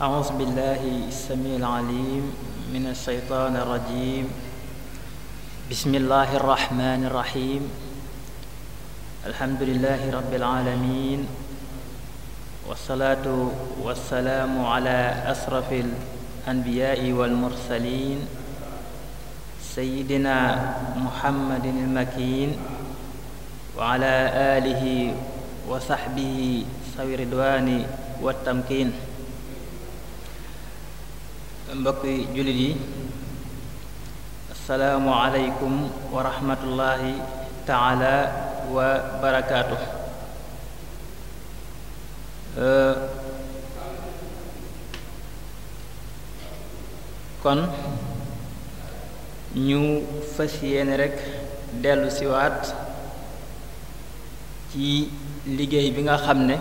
أعوذ بالله السميع العليم من الشيطان الرجيم بسم الله الرحمن الرحيم الحمد لله رب العالمين والصلاة والسلام على أشرف الأنبياء والمرسلين سيدنا محمد المكين وعلى آله وصحبه سوي الرضوان والتمكين mbokki jullit yi asalaamu aleykum wa rahmatullahi wa barakaatu kon ñu fas yéene rekk dellu siwaat ci liggéey bi nga xam ne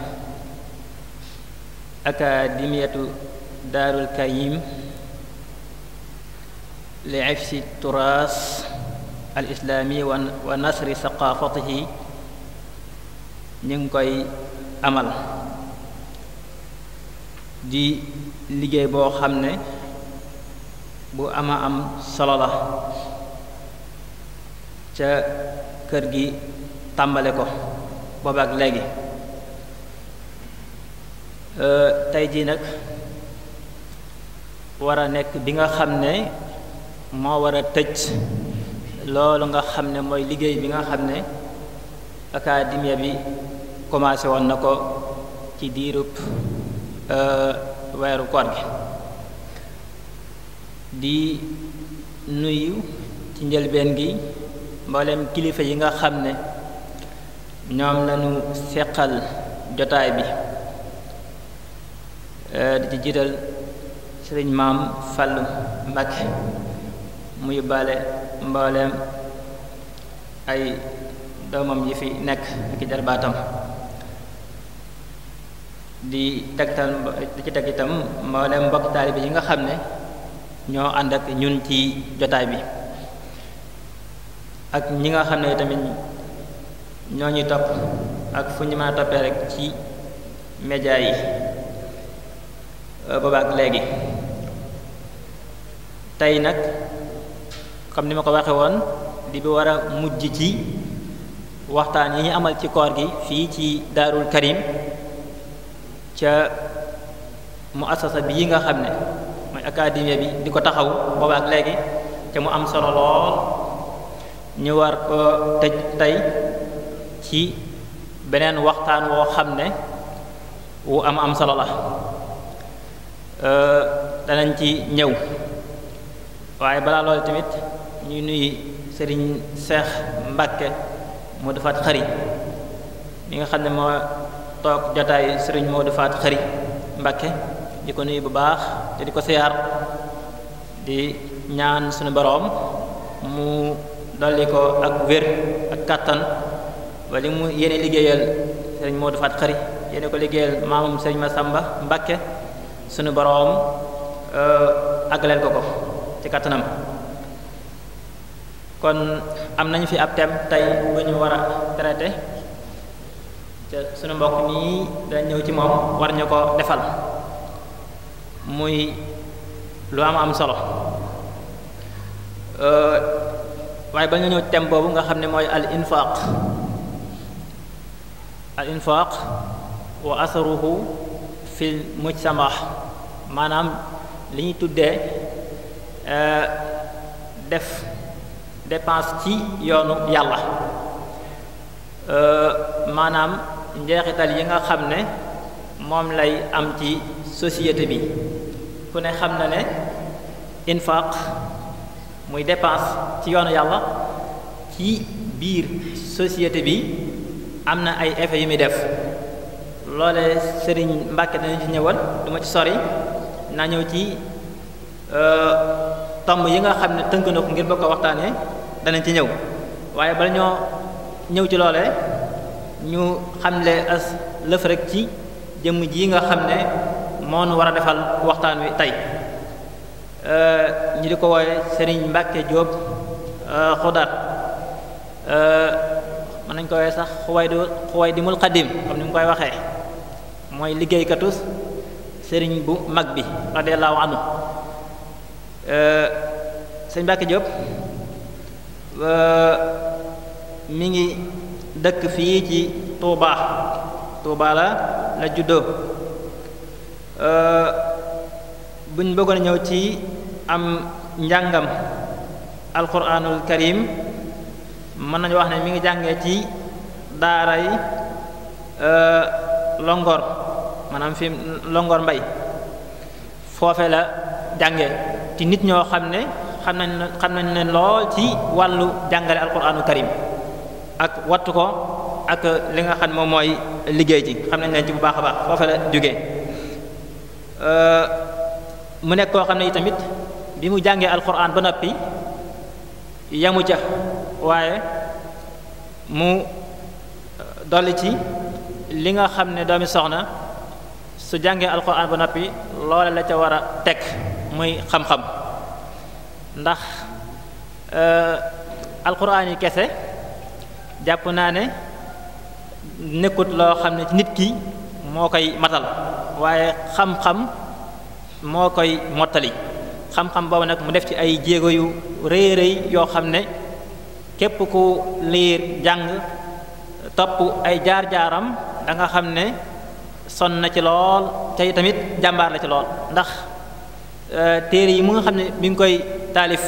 akademiyatu daarul kayim li ifsi turaas al islaami wa nasri saqaafatihi ñu ngi koy amal di liggéey boo xam ne bu ama am solo la ca kër gi tàmbale ko boobaak léegi tey jii nag war a nekk bi nga xam ne moo war a tëj loolu nga xam ne mooy liggéey bi nga xam ne académie bi commencé woon na ko ci diiru euh, weeru koor gi di nuyu ci njëlbeen gi mboolem kilifa yi nga xam ne ñoom lañu seqal jotaay bi euh, di ci jiital sëriñ maam Fallu Mbakke mu yóbbaale mbooleem ay doomam yi fi nekk ak i jarbaatam di tegtal di ci teg itam mbooleem mbokk taalibe yi nga xam ne ñoo ànd ak ñun ci jotaay bi ak ñi nga xam ne tamit ñoo ñuy topp ak fu ñu mën toppee rek ci média yi euh, boobaak léegi tey nag comme ni ma ko waxe woon di bi war a mujj ci waxtaan yi ñu amal ci koor gi fii ci daarul karim ca mu muassasa bi yi nga xam ne mooy académie bi di ko taxaw booba ak léegi te mu am solo lool ñu war ko tëj tey ci beneen waxtaan woo xam ne wu am am solo la euh, danañ ci ñëw waaye balaa loolu tamit ñuy nuyu sëriñ seex mbàkke Modou Faat Xari mi nga xam ne moo toog jotaayu sëriñ Modou Faat Xari mbàkke di ko nuy bu baax te di ko siyaar di ñaan suñu boroom mu dolli ko ak wér ak kàttan wala mu yéene liggéeyal sëriñ Modou Faat Xari yéene ko liggéeyal maamam sëriñ Masamba mbakke suñu boroom euh, àggaleel ko ko ci kàttanam kon am nañu fi ab thème tey bu ñu war a traité te suñu mbokk mii dañ ñëw ci moom war ñu ko defal muy lu am am solo waaye ba ñu ñëw thème boobu nga xam ne mooy al infaq al infaq wa asaruhu fil mujtama maanaam li ñu tuddee def dépense ci yoonu yàlla euh, maanaam njeexital yi nga xam ne moom lay am ci société bi ku ne xam na ne infaq muy dépense ci yoonu yàlla ci biir société bi am na ay effets yu muy def loole sëriñ Mbàkke dana ci ñëwal du ci sori naa ñëw ci euh, tomb yi nga xam ne tënk na ko ngir bëgg waxtaanee danañ ci ñëw waaye bala ñoo ñëw ci loolee ñu xamle as lëf rek ci jëmm ji nga xam ne moonu nu war a defal waxtaan wi tey ñu di ko wooye sëriñ Mbacke Diop Xudar mën nañ ko wooye sax xuwaay di xuwaay dimul xadim comme ni mu koy waxee mooy liggéeykatus sëriñ bu mag bi radiyallahu anhu Serigne Mbacke Diop mi ngi dëkk fii ci Touba Touba la la juddoo buñ bëggoon ñëw ci am njàngam alquranul karim mën nañu wax ne mi ngi jàngee ci daaray Longor maanaam fi longoor Mbay foofe la jànge ci nit ñoo xam ne xam nañ xam nañ leen lool ci wàllu jàngale alquraanu karim ak wattu ko ak li nga xam moom mooy liggéey ji xam nañ leen ci bu baax a baax foofa la jógee euh, mu nekk koo xam ne tamit bi mu jàngee alquraan ba noppi yamu ca waaye mu dolli ci li nga xam ne doomi soxna su jàngee alquraan ba noppi loole la ca war a teg muy xam-xam ndax euh, alquran yi kese jàpp naa ne nekkut loo xam ne ci nit ki moo koy matal waaye xam-xam moo koy mottali xam-xam boobu nag mu def ci ay jéego yu rëy rëy yoo xam ne képp ku liir jàng topp ay jaar-jaaram danga xam ne sonn na ci lool te tamit jàmbaar la ci lool ndax euh, téere yi mu nga xam ne mi ngi koy taalif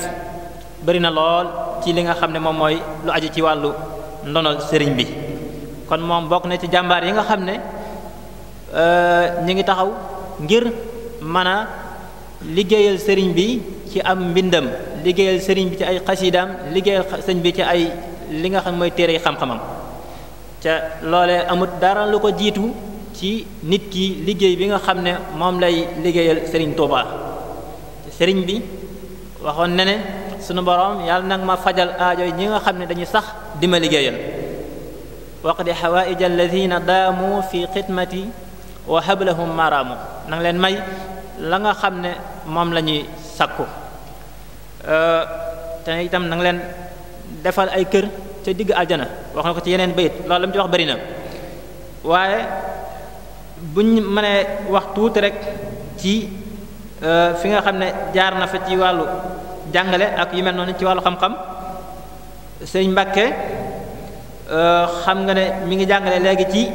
bari na lool ci li nga xam ne moom mooy lu aju ci wàllu ndonol sëriñ bi kon moom bokk na ci jàmbaar yi nga xam ne euh, ñu ngi taxaw ngir mën a liggéeyal sëriñ bi ci am mbindam liggéeyal sëriñ bi ci ay xasiidaam liggéeyal sëriñ bi ci ay li nga xam mooy téere xam-xamam ca loole amut dara lu ko jiitu ci nit ki liggéey bi nga xam ne moom lay liggéeyal sëriñ Tuubaa sëriñ bi waxoon ne ne sunu borom yàlla nag ma fajal aajo yi ñi nga xam ne dañuy sax di ma liggéeyal waqdi xawaaija alladina daamu fi xidmati wa hablahum maraamu na nga leen may la nga xam ne moom lañuy ñuy sakku te itam na leen defal ay kër ca digg aljana wax na ko ci yeneen bayit loolu la mu ci wax bëri na waaye buñ mënee wax tuuti rek ci Euh, fi nga xam ne jaar na fa ci wàllu jàngale ak yu mel noonu ci wàllu xam-xam sëñ Mbàkke euh, xam nga ne mi ngi jàngale léegi ci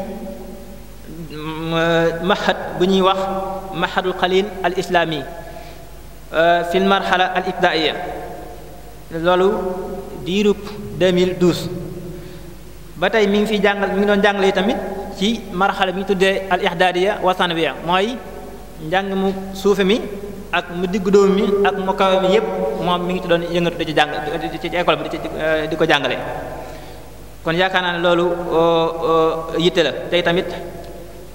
euh, mahad bu ñuy wax mahadul xalil al islami fil marhala al ibtidaiya loolu diirub 2012 ba tey mu ngi fiy jàngal mi ngi doon jàngale tamit ci marhala bi ñu tuddee al ihdadiya wa sanwiya mooy njàng mu suufe mi ak mu diggu dóom mi ak mu kawe mi yépp moom mu ngi ci doon yëngatu di ci jàng di ci école bi di ko jàngale kon yaakaar naa ne loolu yitte la tey tamit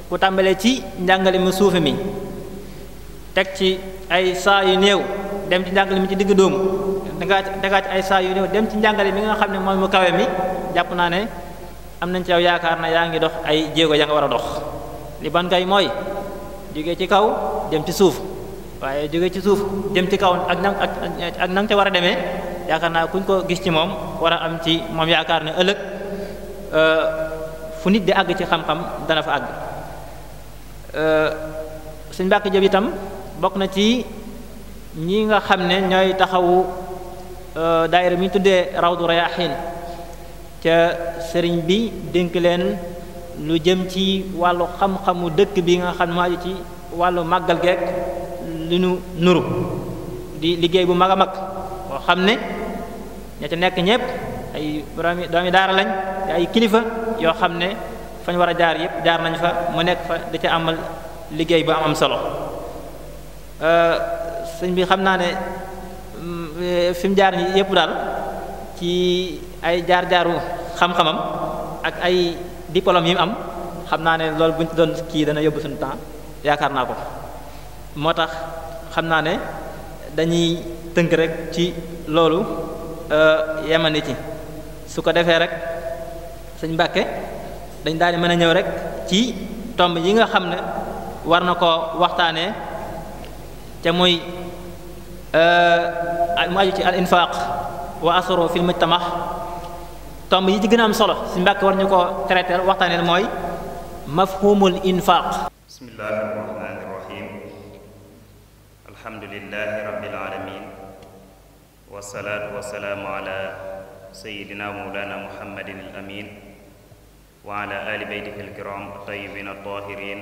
ku tàmbalee ci njàngale mu suufe mi teg ci ay saa yu néew dem ci njàngale mi ci diggu dóomu dangaa dangaa ay saa yu néew dem ci njàngale mi nga xam ne mooy mu kawe mi jàpp naa ne am nañ ci yow yaakaar na yaa ngi dox ay jéego ya nga war a dox li ban kay mooy jóge ci kaw dem ci suuf waaye jóge ci suuf dem ci kaw ak na ak na ca war a demee yaakaar naa kuñ ko gis ci moom war a am ci moom yaakaar ne ëllëg euh, fu nit di àgg ci xam-xam dana fa àgg euh, suñ Mbàkke Jóob itam bokk na ci ñi nga xam ne ñooy taxawu euh, daayira mi ñu tuddee Rawdu Rayaahiin ca sëriñ bi dénk leen lu jëm ci wàllu xam-xamu dëkk bi nga xam ne maa ci wàllu màggal geek li nu nuru di liggéey bu mag a mag boo xam ne ña ca nekk ñépp ay doomi doomi daara lañ te ay kilifa yoo xam ne fañ war a jaar yépp jaar nañ fa mu nekk fa di ca amal liggéey bu am am solo euh, sëñ bi xam naa ne euh, fi jaar nii yépp daal ci ay jaar-jaaru xam-xamam ak ay dipolom yi mu am xam naa ne loolu bu ñu doon kii dana yóbbu suñu temps yaakaar naa ko moo tax xam naa ne dañuy tënk rek ci loolu euh, yemani ci su ko defee rek sëñ Mbàkke dañ daal di mën a ñëw rek ci tomb yi nga xam ne war na ko waxtaanee ca muy euh, mu aju ci al infaq wa asoro fil mujtama tomb yi ci gën a am solo si mbàkk war ñu ko traité waxtaanee mooy mafhumul infaq bismillahi rahmani rahim alhamdulilahi rabbil alamin wasalaatu wasalaamu ala sayidina mawlana muhammadin al amin wa ala ali beytihi alkiram altayibin altahirin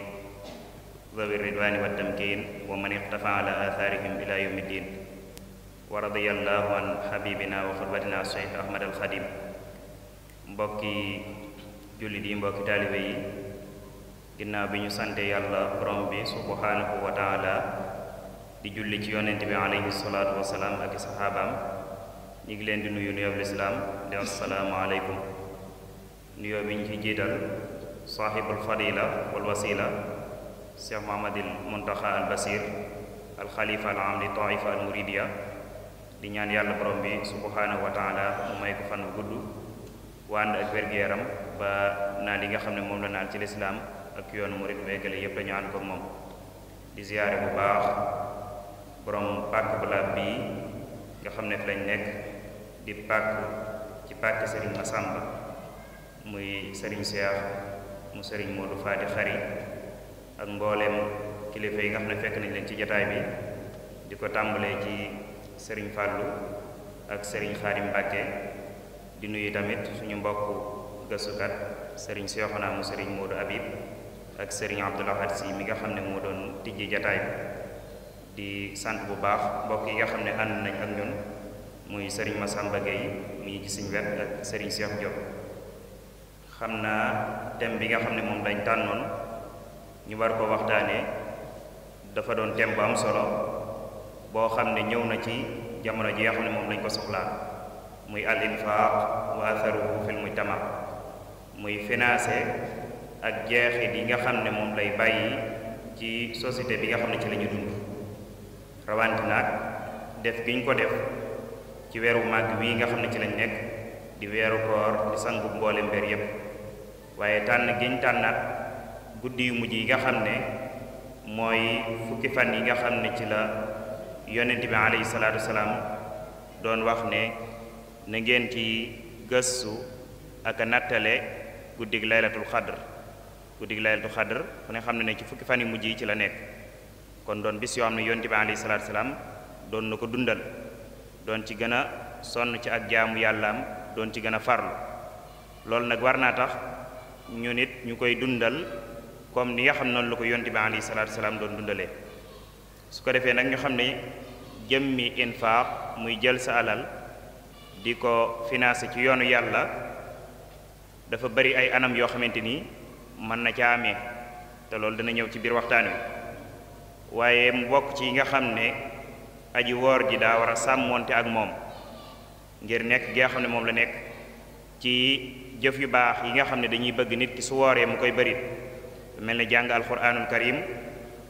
zawi ridwani wattamkin wa man iqtafa ala atharihim ila yawmi ddin wa radiya allahu an habibina wa xurbatina cheikh ahmad alxadim mbokki jullit yi mbokki taalibe yi ginnaaw bi ñu sante yàlla borom bi subhanahu wa taala di julli ci yonent bi alayhi salaatu wasalaam ak i ngi leen di nuyu nuyoo bi lislaam di assalaamu aleykum nuyoo bi ñu ci jiital saaxibul fadila wal wasila muntaxa al basir al xalifa al am li taifa al muridiya di ñaan yàlla borom bi subhanahu wa taala mu may ko fan gudd ànd ak wér yaram ba naal yi nga xam ne moom la naal ci lislaam ak yoonu murit béygale yépp dañu ànd ko moom di ziyaare bu baax borom pàkk bu laab bii nga xam ne fi lañ nekk di pàkk ci pàkk sëriñ Masamba muy sëriñ Seex mu sëriñ Moodu Faati Xari ak mbooleem kilifa yi nga xam ne fekk nañ leen ci jataay bi di ko tàmbalee ci sëriñ Fàllu ak sëriñ Xaadim Mbàkke di nuyu tamit suñu mbokku gëstukat sëriñ Seexuna mu sëriñ Moodu Habib ak sëriñ Abdul Ahad Si mi nga xam ne moo doon tijji jataay di sant bu baax mbokk yi nga xam ne ànd nañ ak ñun muy sëriñ Massamba Gueye muy gis suñu wet ak sëriñ Cheikh Diop xam naa thème bi nga xam ne moom lañ tànnoon ñu war ko waxtaanee dafa doon thème bu am solo boo xam ne ñëw na ci jamono ji nga xam ne moom lañ ko soxlaa muy al infaq wa atharuhu fil mujtama muy finaase ak jeexit yi nga xam ne moom lay bàyyi ci société bi nga xam ne ci la ñu dund rawante naag def gi ñu ko def ci weeru màgg wii nga xam ne ci lañ nekk di weeru koor di sangu mboole mbir yépp waaye tànn gi ñu tànnaat guddi yu mujj yi nga xam ne mooy fukki fan yi nga xam ne ci la yonent bi alayhi salaatu wasalaam doon wax ne na ngeen ci gëstu ak nattale guddig laylatul xadr guddig laylatul xadr ku ne xam ne ne ci fukki fan yu mujj yi ci la nekk kon doon bis yoo xam ne yonte bi alayhi salaam doon na ko dundal doon ci gën a sonn ci ak jaamu yàllaam doon ci gën a farlu loolu nag war naa tax ñu nit ñu koy dundal comme ni nga xam noonu la ko yonte bi alayhi salaatu salaam doon dundalee su ko defee nag ñu xam ne jëmmi infaaq muy jël sa alal di ko financé ci yoonu yàlla dafa bari ay anam yoo xamante ni mën na ca amee te loolu dana ñëw ci biir waxtaan wi waaye mu bokk ci yi nga xam ne aji woor ji daa war a sàmmoonte ak moom ngir nekk gi xam ne moom la nekk ci jëf yu baax yi nga xam ne dañuy bëgg nit ki su wooree mu koy bari lu mel ne jàng alxuraanul karim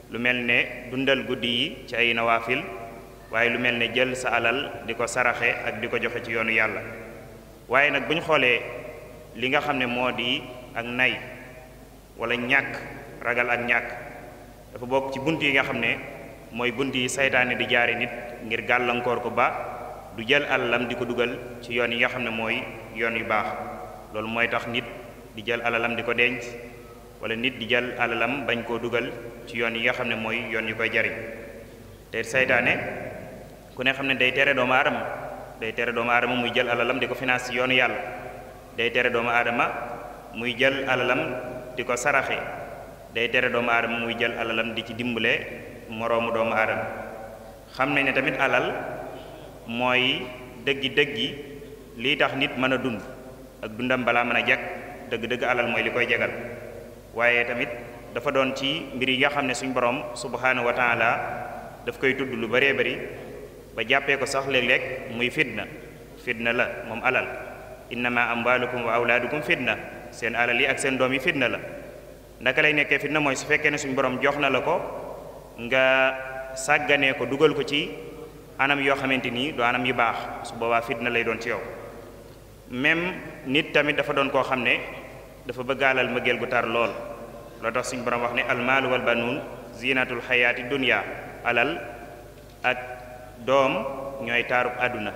lu mel ne dundal guddi yi ci ay nawaafil waaye lu mel ne jël sa alal di ko saraxe ak di ko joxe ci yoonu yàlla waaye nag bu ñu xoolee li nga xam ne moo di ak nay wala ñàkk ragal ak ñàkk dafa bokk ci bunt yi nga xam ne mooy bunt yi seytaane di jaare nit ngir gàllankoor ko ba du jël alalam di ko dugal ci yoon yi nga xam ne mooy yoon yu baax loolu mooy tax nit di jël alalam di ko denc wala nit di jël alalam bañ koo dugal ci yoon yi nga xam ne mooy yoon yi koy jariñ te seytaane ku ne xam ne day tere doomu aadama day tere doomu aadama muy jël alalam di ko financé yoonu day tere doomu aadama muy jël alalam di ko saraxe day tere doomu aadama muy jël alalam di ci dimbale moroomu doomu aadama xam nañ ne tamit alal mooy dëggi-dëggi lii tax nit mën a dund ak dundam balaa mën a jag dëgg-dëgg alal mooy li koy jagal waaye tamit dafa doon ci mbir yi nga xam ne suñ borom subhanahu wa taala daf koy tudd lu bëree bari ba jàppee ko sax léeg-léeg muy fitna fitna la moom alal innama amwalukum wa awlaadukum fitna seen alal yi ak seen doom yi fitna la naka lay nekkee fitna mooy su fekkee ne suñu borom jox na la ko nga sàggane ko dugal ko ci anam yoo xamante nii du anam yu baax su boobaa fitna lay doon ci yow même nit tamit dafa doon koo xam ne dafa bëgg alal mbëggeel gu tar lool loo tax suñu borom wax ne almaalu wal banuun ziinatul xayaati dunya alal ak doom ñooy taaru àdduna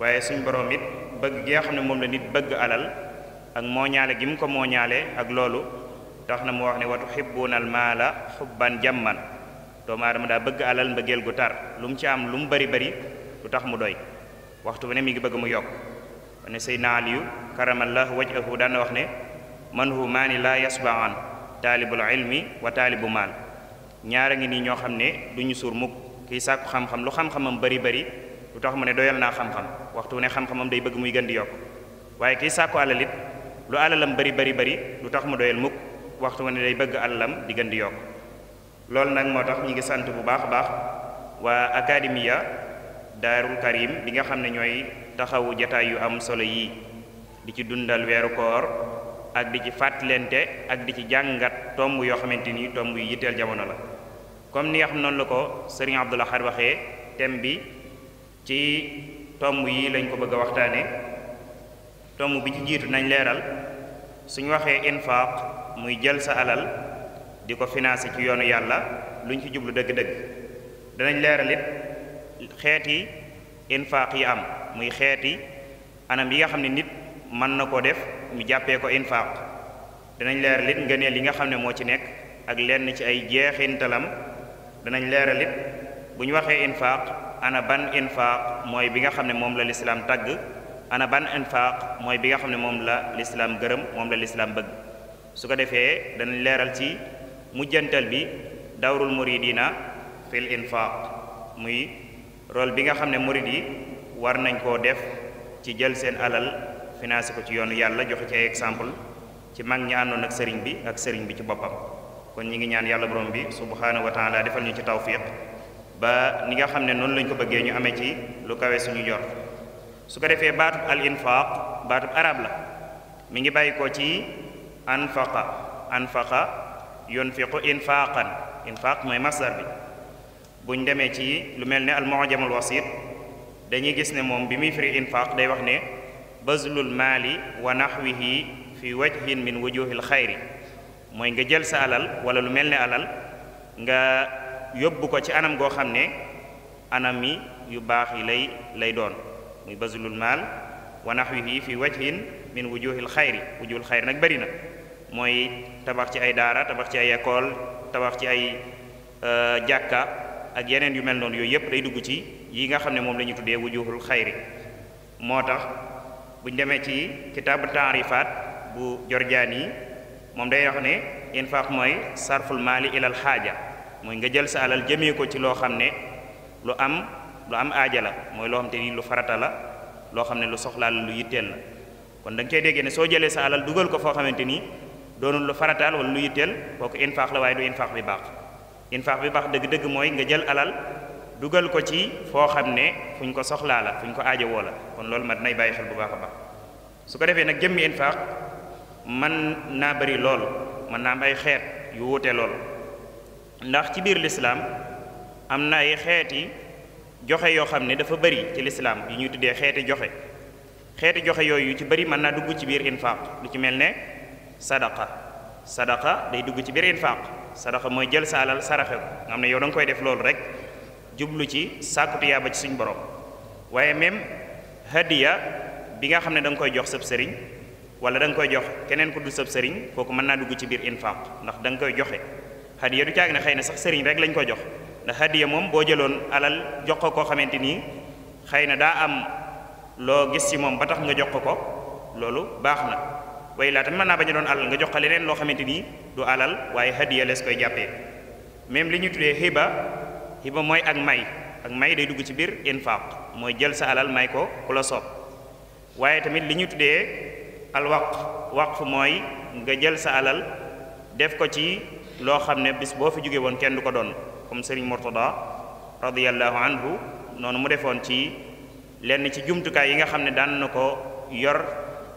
waaye suñ borom it bëgg gi xam ne moom la nit bëgg alal ak mooñaale gi mu ko moñaale ak loolu tax na mu wax ne watu xibbuunal maala xubban jamman doomu aadama daa bëgg alal mbëggeel gu tar lu mu ci am lu mu bari bari lu tax mu doy waxtu bu ne mi ngi bëgg mu yokk wane Seydina Aliyu karamallahu wajhahu daan wax ne man hu maani laa yasbaan taalibul ilmi wa taalibu maal ñaara ngi nii ñoo xam ne du suur mukk kii sàkku xam-xam lu xam-xamam bari bari lu tax mu ne doyal naa xam-xam waxtu ne xam-xamam day bëgg muy gën di yokk waaye kii sàkku alal it lu alalam bari bari bari lu tax mu doyal mukk waxtu ne day bëgg alalam di gën di yokk loolu nag moo tax ñi ngi sant bu baax baax waa academia daarul karim bi nga xam ne ñooy taxawu jataay yu am solo yii di ci dundal weeru koor ak di ci fàttalente ak di ci jàngat tomb yoo xamante ni tomb yu yitteel jamono la comme ni nga xam noonu la ko sëriñ Abdou xar waxee thème bi ci tomb yi lañ ko bëgg a waxtaane tomb bi ci jiitu nañ leeral suñ waxee infaaq muy jël sa alal di ko financé ci yoonu yàlla luñ ci jublu dëgg-dëgg danañ leeral it xeeti infaaq yi am muy xeeti anam yi nga xam ne nit mën na koo def mu jàppee ko infaaq danañ leeral it ngëneel yi nga xam ne moo ci nekk ak lenn ci ay jeexintalam danañ leeral it bu ñu waxee infaaq ana ban infaaq mooy bi nga xam ne moom la lislaam tàgg ana ban infaaq mooy bi nga xam ne moom la lislaam gërëm moom la lislaam bëgg su ko defee danañ leeral ci mujjantal bi dawrul muridina fil infaaq muy rôle bi nga xam ne murid yi war nañ koo def ci jël seen alal financé ko ci yoonu yàlla joxe ci exemple ci mag ñi àndoon ak sëriñ bi ak sëriñ bi ci boppam kon ñi ngi ñaan yàlla borom bi subhanahu wa taala defal ñu ci tawfiq ba ni nga xam ne noonu lañ ko bëggee ñu amee ci lu kawe suñu jor su ko defee baatub al infaq baatub arab la mi ngi bàyyi ko ci anfaqa anfaqa yunfiqu infaqan infaq mooy masdar bi buñ demee ci lu mel ni al mu'jamul wasit dañuy gis ne moom bi muy firi infaq day wax ne bazlul maali wa nahwihi fi wajhin min wujuhil xayri mooy nga jël sa alal wala lu mel ni alal nga yóbbu ko ci anam goo xam ne anam yi yu baax yi lay lay doon muy bazlul maal wi nahwihi fi wajhin min wujuhil xayri wujuhul xayri nag bari na mooy tabax ci ay daara tabax ci ay école tabax ci ay euh, jàkka ak yeneen yu mel noonu yooyu yépp day dugg ci yi nga xam ne moom la ñu tuddee wujuhul xayri moo tax bu demee ci kitaabu taarifaat bu jorjaan yi moom day wax ne infaq mooy sarful maali ilal xaaja mooy nga jël sa alal jëmee ko ci loo xam ne lu am lu am aaja la mooy loo xam te ni lu farata la loo xam ne lu soxlaa la lu yitteel la kon da nga cay déggee soo jëlee sa alal dugal ko foo xamante ni doonul lu farataal wala lu yitteel ko infaq la waaye du infaq bi baax infaq bi baax dëgg-dëgg mooy nga jël alal dugal ko ci foo xam ne fu ñu ko soxlaa la fu ñu ko aaja woo la kon loolu mat nay bàyyi xel ko defee nag man naa bari lool mën naa am ay xeet yu wuute lool ndax ci biir lislaam am na ay xeeti joxe yoo xam ne dafa bari ci lislaam yu ñuy tuddee xeeti joxe xeeti joxe yooyu yu ci bari mën naa dugg ci biir infaq lu ci mel ne sadaqa sadaqa day dugg ci biir infaq sadaqa mooy jël sa alal saraxe ko nga xam ne yow da koy def loolu rek jublu ci sàkku tuyaaba ci suñ boroom waaye même hadiya bi nga xam ne da koy jox sab sëriñ wala da nga koy jox keneen ku du sab sëriñ kooku mën naa dugg ci biir infaq ndax da nga koy joxe hadiya du caag ne xëy na sax sëriñ rek lañ ko jox ndax hadiya moom boo jëloon alal jox ko koo xamante nii xëy na daa am loo gis ci moom ba tax nga jox ko ko loolu baax na way laa tamit mën naa bañ a doon alal nga jox ko leneen loo xamante nii du alal waaye hadiya lees koy jàppee même li ñu tuddee hiba hiba mooy ak may ak may day dugg ci biir infaq mooy jël sa may ko ku soob al waqf waqf mooy nga jël sa alal def ko ci loo xam ne bis boo fi jógee woon kenn du ko doon comme Serigne Mourtada radiyallahu anhu noonu mu defoon ci lenn ci jumtukaay yi nga xam ne daan na ko yor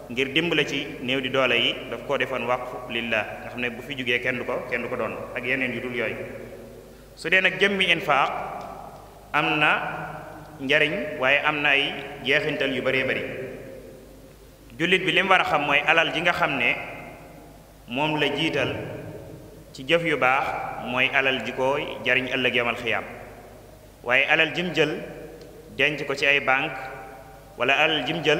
ngir dimbale ci néew di doole yi daf koo defoon waqf lillah nga xam ne bu fi jógee kenn du ko kenn ko doon ak yeneen yu dul yooyu su dee nag jëmmi infaaq am na njariñ waaye am na ay jeexintal yu baree bari jullit bi lim war a xam mooy alal ji nga xam ne moom la jiital ci jëf yu baax mooy alal ji ko jariñ ëllëg yamal xiyaam waaye alal jim jël denc ko ci ay banque wala alal jim jël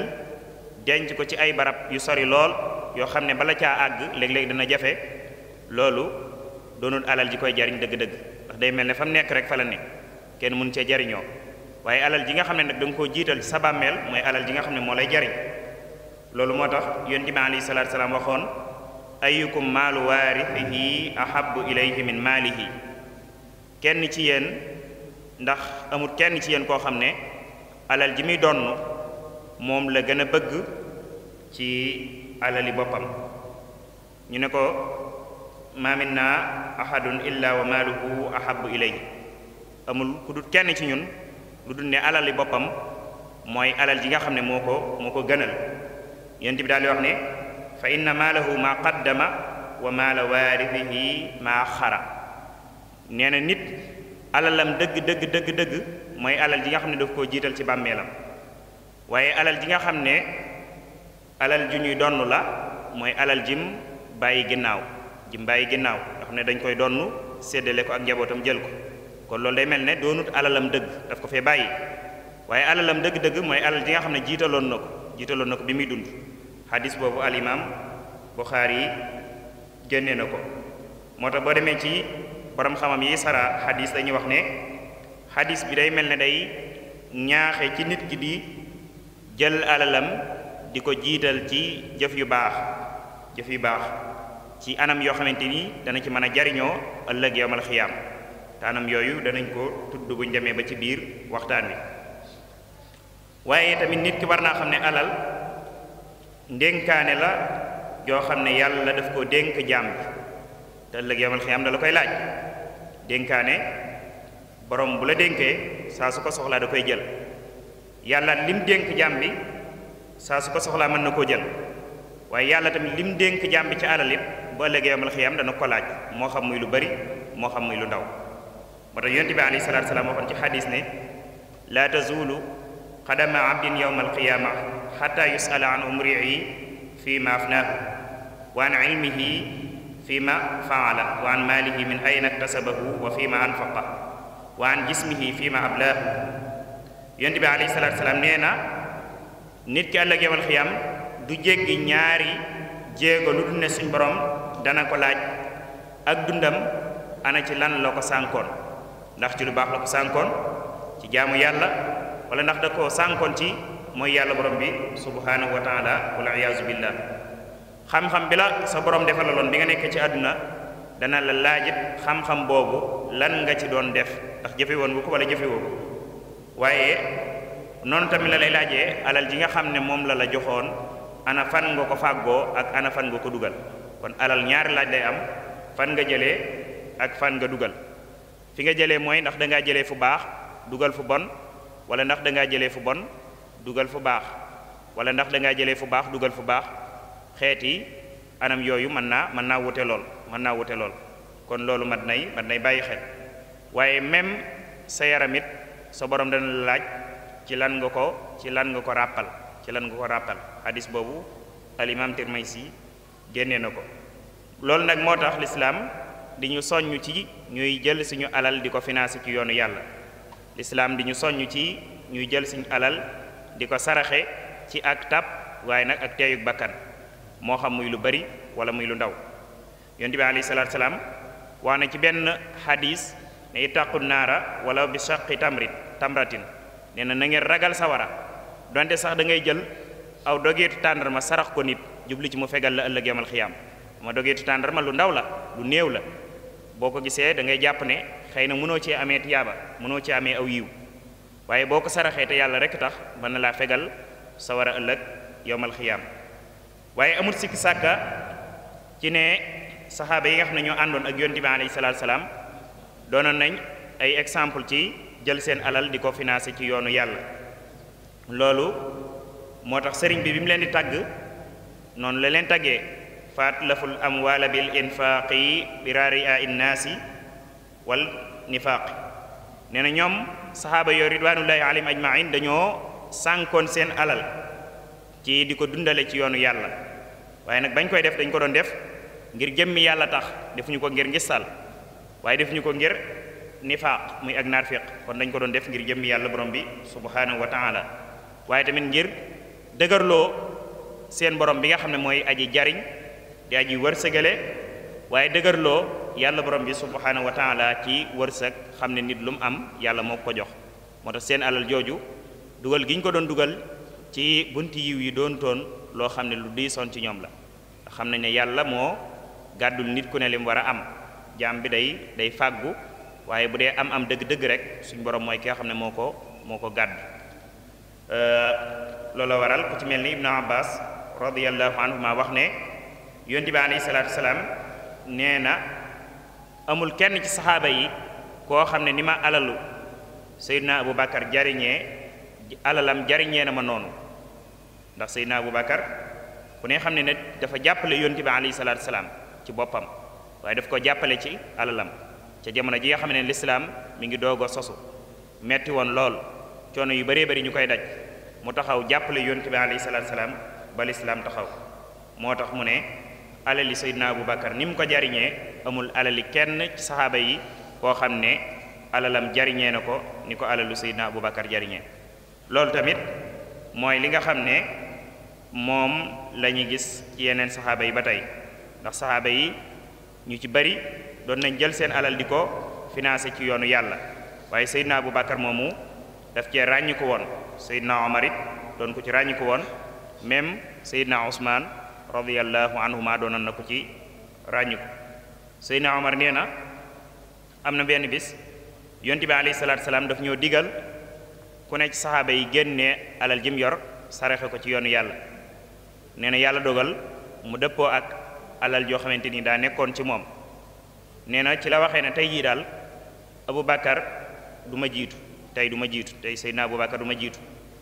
denc ko ci ay barab yu sori lool yoo xam ne bala caa àgg léeg-léeg dana jafe loolu doonul alal ji koy jariñ dëgg-dëgg ndax day mel ne fa mu nekk rek fa la ne kenn mun cee jariñoo waaye alal ji nga xam ne nag da nga koo jiital ci sa bàmmeel mooy alal ji nga xam ne moo lay jariñ loolu moo tax yonent bi alayhi salaatu salaam waxoon ayukum maalu waarithihi ahabu ilayhi min maalihi kenn ci yéen ndax amul kenn ci yéen koo xam ne alal ji muy donn moom la gën a bëgg ci alali boppam ñu ne ko ma minna ahadun illa wa maaluhu ahabu ilayhi amul ku dul kenn ci ñun lu dul ne alali boppam mooy alal ji nga xam ne moo ko moo ko gënal yonent bi daal di wax ne fa inna maalahu maa qaddama wa maala waarisihi maa xara nee na nit alalam dëgg dëgg dëgg dëgg mooy alal ji nga xam ne daf koo jiital ci bàmmeelam waaye alal ji nga xam ne alal ju ñuy donn la mooy alal jim bàyyi ginnaaw jim bàyyi ginnaaw nga xam ne dañ koy donn séddale ko ak njabootam jël ko kon loolu day mel ne doonut alalam dëgg daf ko fee bàyyi waaye alalam dëgg-dëgg mooy alal ji nga xam ne jiitaloon na ko jiitaloon na ko bi muy dund xadis boobu alimaam yi génne na ko moo tax boo demee ci borom xamam yi sara xaddis dañuy wax ne xaddis bi day mel ne day ñaaxe ci nit ki di jël alalam di ko jiital ci jëf yu baax jëf yu baax ci anam yoo xamante ni dana ci mën a jariñoo ëllëg yowmal xiyaam te anam yooyu danañ ko tudd buñ demee ba ci biir waxtaan wi waaye tamit nit ki war naa xam ne alal ndénkaane la joo xam ne yàlla daf koo dénk jaam bi te ëllëg yawmal xiyaam da la koy laaj dénkaane borom bu la dénkee saa su ko soxlaa da koy jël yàlla lim dénk jaam bi saa su ko soxlaa mën na koo jël waaye yàlla tamit lim dénk jàmbi bi ci alal it bu ëllëgee yawmal xiyaam dana ko laaj moo xam muy lu bari moo xam muy lu ndaw moo tax yonent bi alayhi salaatu salaam waxoon ci xadis ne laa tazulu qadama abdin yowma alqiyaama xata yusala an umrii fi ma afnaahu wa an ilmihi fi ma faala wa an maalihi min ayna iktasabahu wa fi ma anfaqa wa an jismihi fi ma ablaahu yonent bi alayhi salaam nee na nit ki ëllëg yowmal xiyaam du jéggi ñaari jéego lu dul suñ borom dana ko laaj ak dundam ana ci lan la ko sànkoon ndax ci lu baax la ko sànkoon ci jaamu yàlla wala ndax da ko sànkoon ci mooy yàlla borom bi subhanahu wa taala wala iyaazu billah xam-xam bi la sa borom defalaloon bi nga nekk ci àdduna dana la laaj xam-xam boobu lan nga ci doon def ndax jëfe woon nga ko wala jëfe woo ko waaye noonu tamit la lay laajee alal ji nga xam ne moom la la joxoon ana fan nga ko fàggoo ak ana fan nga ko dugal kon alal ñaari laaj lay am fan nga jëlee ak fan nga dugal fi nga jëlee mooy ndax dangaa jëlee fu baax dugal fu bon wala ndax da ngaa jëlee fu bon dugal fu baax wala ndax da ngaa jëlee fu baax dugal fu baax xeet yi anam yooyu mën naa mën naa wute lool mën naa wute lool kon loolu mat nay mat nay bàyyi xel waaye même sa yaramit sa borom dana la laaj ci lan nga ko ci lan nga ko ràppal ci lan nga ko ràppal hadis boobu alimam Tirmisi génnee na ko loolu nag moo tax lislaam di ñu soññ ci ñuy jël suñu alal di ko financé ci yoonu yàlla lislaam di ñu soññ ci ñuy jël suñ alal di ko saraxe ci ak tab waaye nag ak teeyug bàkkan moo xam muy lu bari wala muy lu ndaw yonent bi alayhi salaatu salaam wax na ci benn xadis ne ittaqu naara wala bi shaqi tamrit tamratin nee na na ngeen ragal sawara donte sax da ngay jël aw dogeetu tàndarma sarax ko nit jubli ci mu fegal la ëllëg yamal xiyaam ma dogeetu tàndarma lu ndaw la lu néew la boo ko gisee da ngay jàpp ne xëy na mënoo cee amee tiyaaba mënoo ci amee aw yiw waaye boo ko saraxee te yàlla rekk tax mën na laa fegal sa a ëllëg yowmal xiyaam waaye amul sikki sàkka ci ne saxaaba yi nga xam ne àndoon ak yonte bi alayhi salaatu salaam doonoon nañ ay exemple ci jël seen alal di ko financé ci yoonu yàlla loolu moo tax sëriñ bi bi mu leen di tàgg noonu la leen tàggee fa atlafu l amwaala bil infaaqi bi raariaa innaasi wal nifaaq nee na ñoom saxaaba yoo ridwanullahi alayhim ajmain dañoo sànkoon seen alal ci di ko dundale ci yoonu yàlla waaye nag bañ koy def dañ ko doon def ngir jëmmi yàlla tax defuñu ko ngir ngistal waaye defuñu ko ngir nifaaq muy ak naarfiq kon dañ ko doon def ngir jëmmi yàlla borom bi subhanahu wa waaye tamit ngir dëgërloo seen borom bi nga xam ne mooy aji jariñ di aji wërsëgale waaye dëgërloo yàlla borom bi subhanahu wa taala ci wërsëg xam ne nit lu am yàlla moo ko jox moo tax seen alal jooju dugal gi ñu ko doon dugal ci bunt yiw yi doon toon loo xam ne lu diisoon ci ñoom la xam nañ ne yàlla moo gàddul nit ku ne lim war a am jaam bi day day fàggu waaye bu dee am am dëgg-dëgg rek suñ borom mooy ki xam ne moo ko moo ko gàddu euh, loola waral ku ci mel ni ibnu abbas radiallahu anhuma wax ne yonte bi alayhi salaatu salaam nee na amul kenn ci saxaaba yi koo xam ne ni ma alalu Seydina Abu Bakar jariñee alalam jariñee na ma noonu ndax Seydina Abu Bakar ku ne xam ne ne dafa jàppale yonte bi alayhi salaatu salaam ci boppam waaye daf ko jàppale ci alalam ca jamono ji nga xam ne lislaam mi ngi doog a sosu metti woon lool coono yu baree bari ñu koy daj mu taxaw jàppale yonte bi salaam ba lislaam taxaw moo tax mu ne alali Seydina bakkar ni mu ko jariñee amul alali kenn ci saxaaba yi koo xam ne alalam jariñee na ko ni ko alalu Seydina Aboubacar jariñee loolu tamit mooy li nga xam ne moom la gis ci yeneen saxaaba yi ba tey ndax saxaaba yi ñu ci bari doon nañ jël seen alal di ko financé ci yoonu yàlla waaye naa Seydina bakkar moomu def cee ràññi ko woon Seydina Omar it doon ko ci ràññi ko woon même Seydina Ousmane radiallahu anhuma doonan na ko ci ràññiku seydna omar nee na am na benn bis yonte bi salaam daf ñoo digal ku ne ci saxaaba yi génnee alal jim yor saraxe ko ci yoonu yàlla nee yàlla dogal mu dëppoo ak alal joo xamante ni daa nekkoon ci moom nee na ci la ne tey jii daal abu bakar du jiitu tey du ma jiitu tey seydna abu bakar du ma jiitu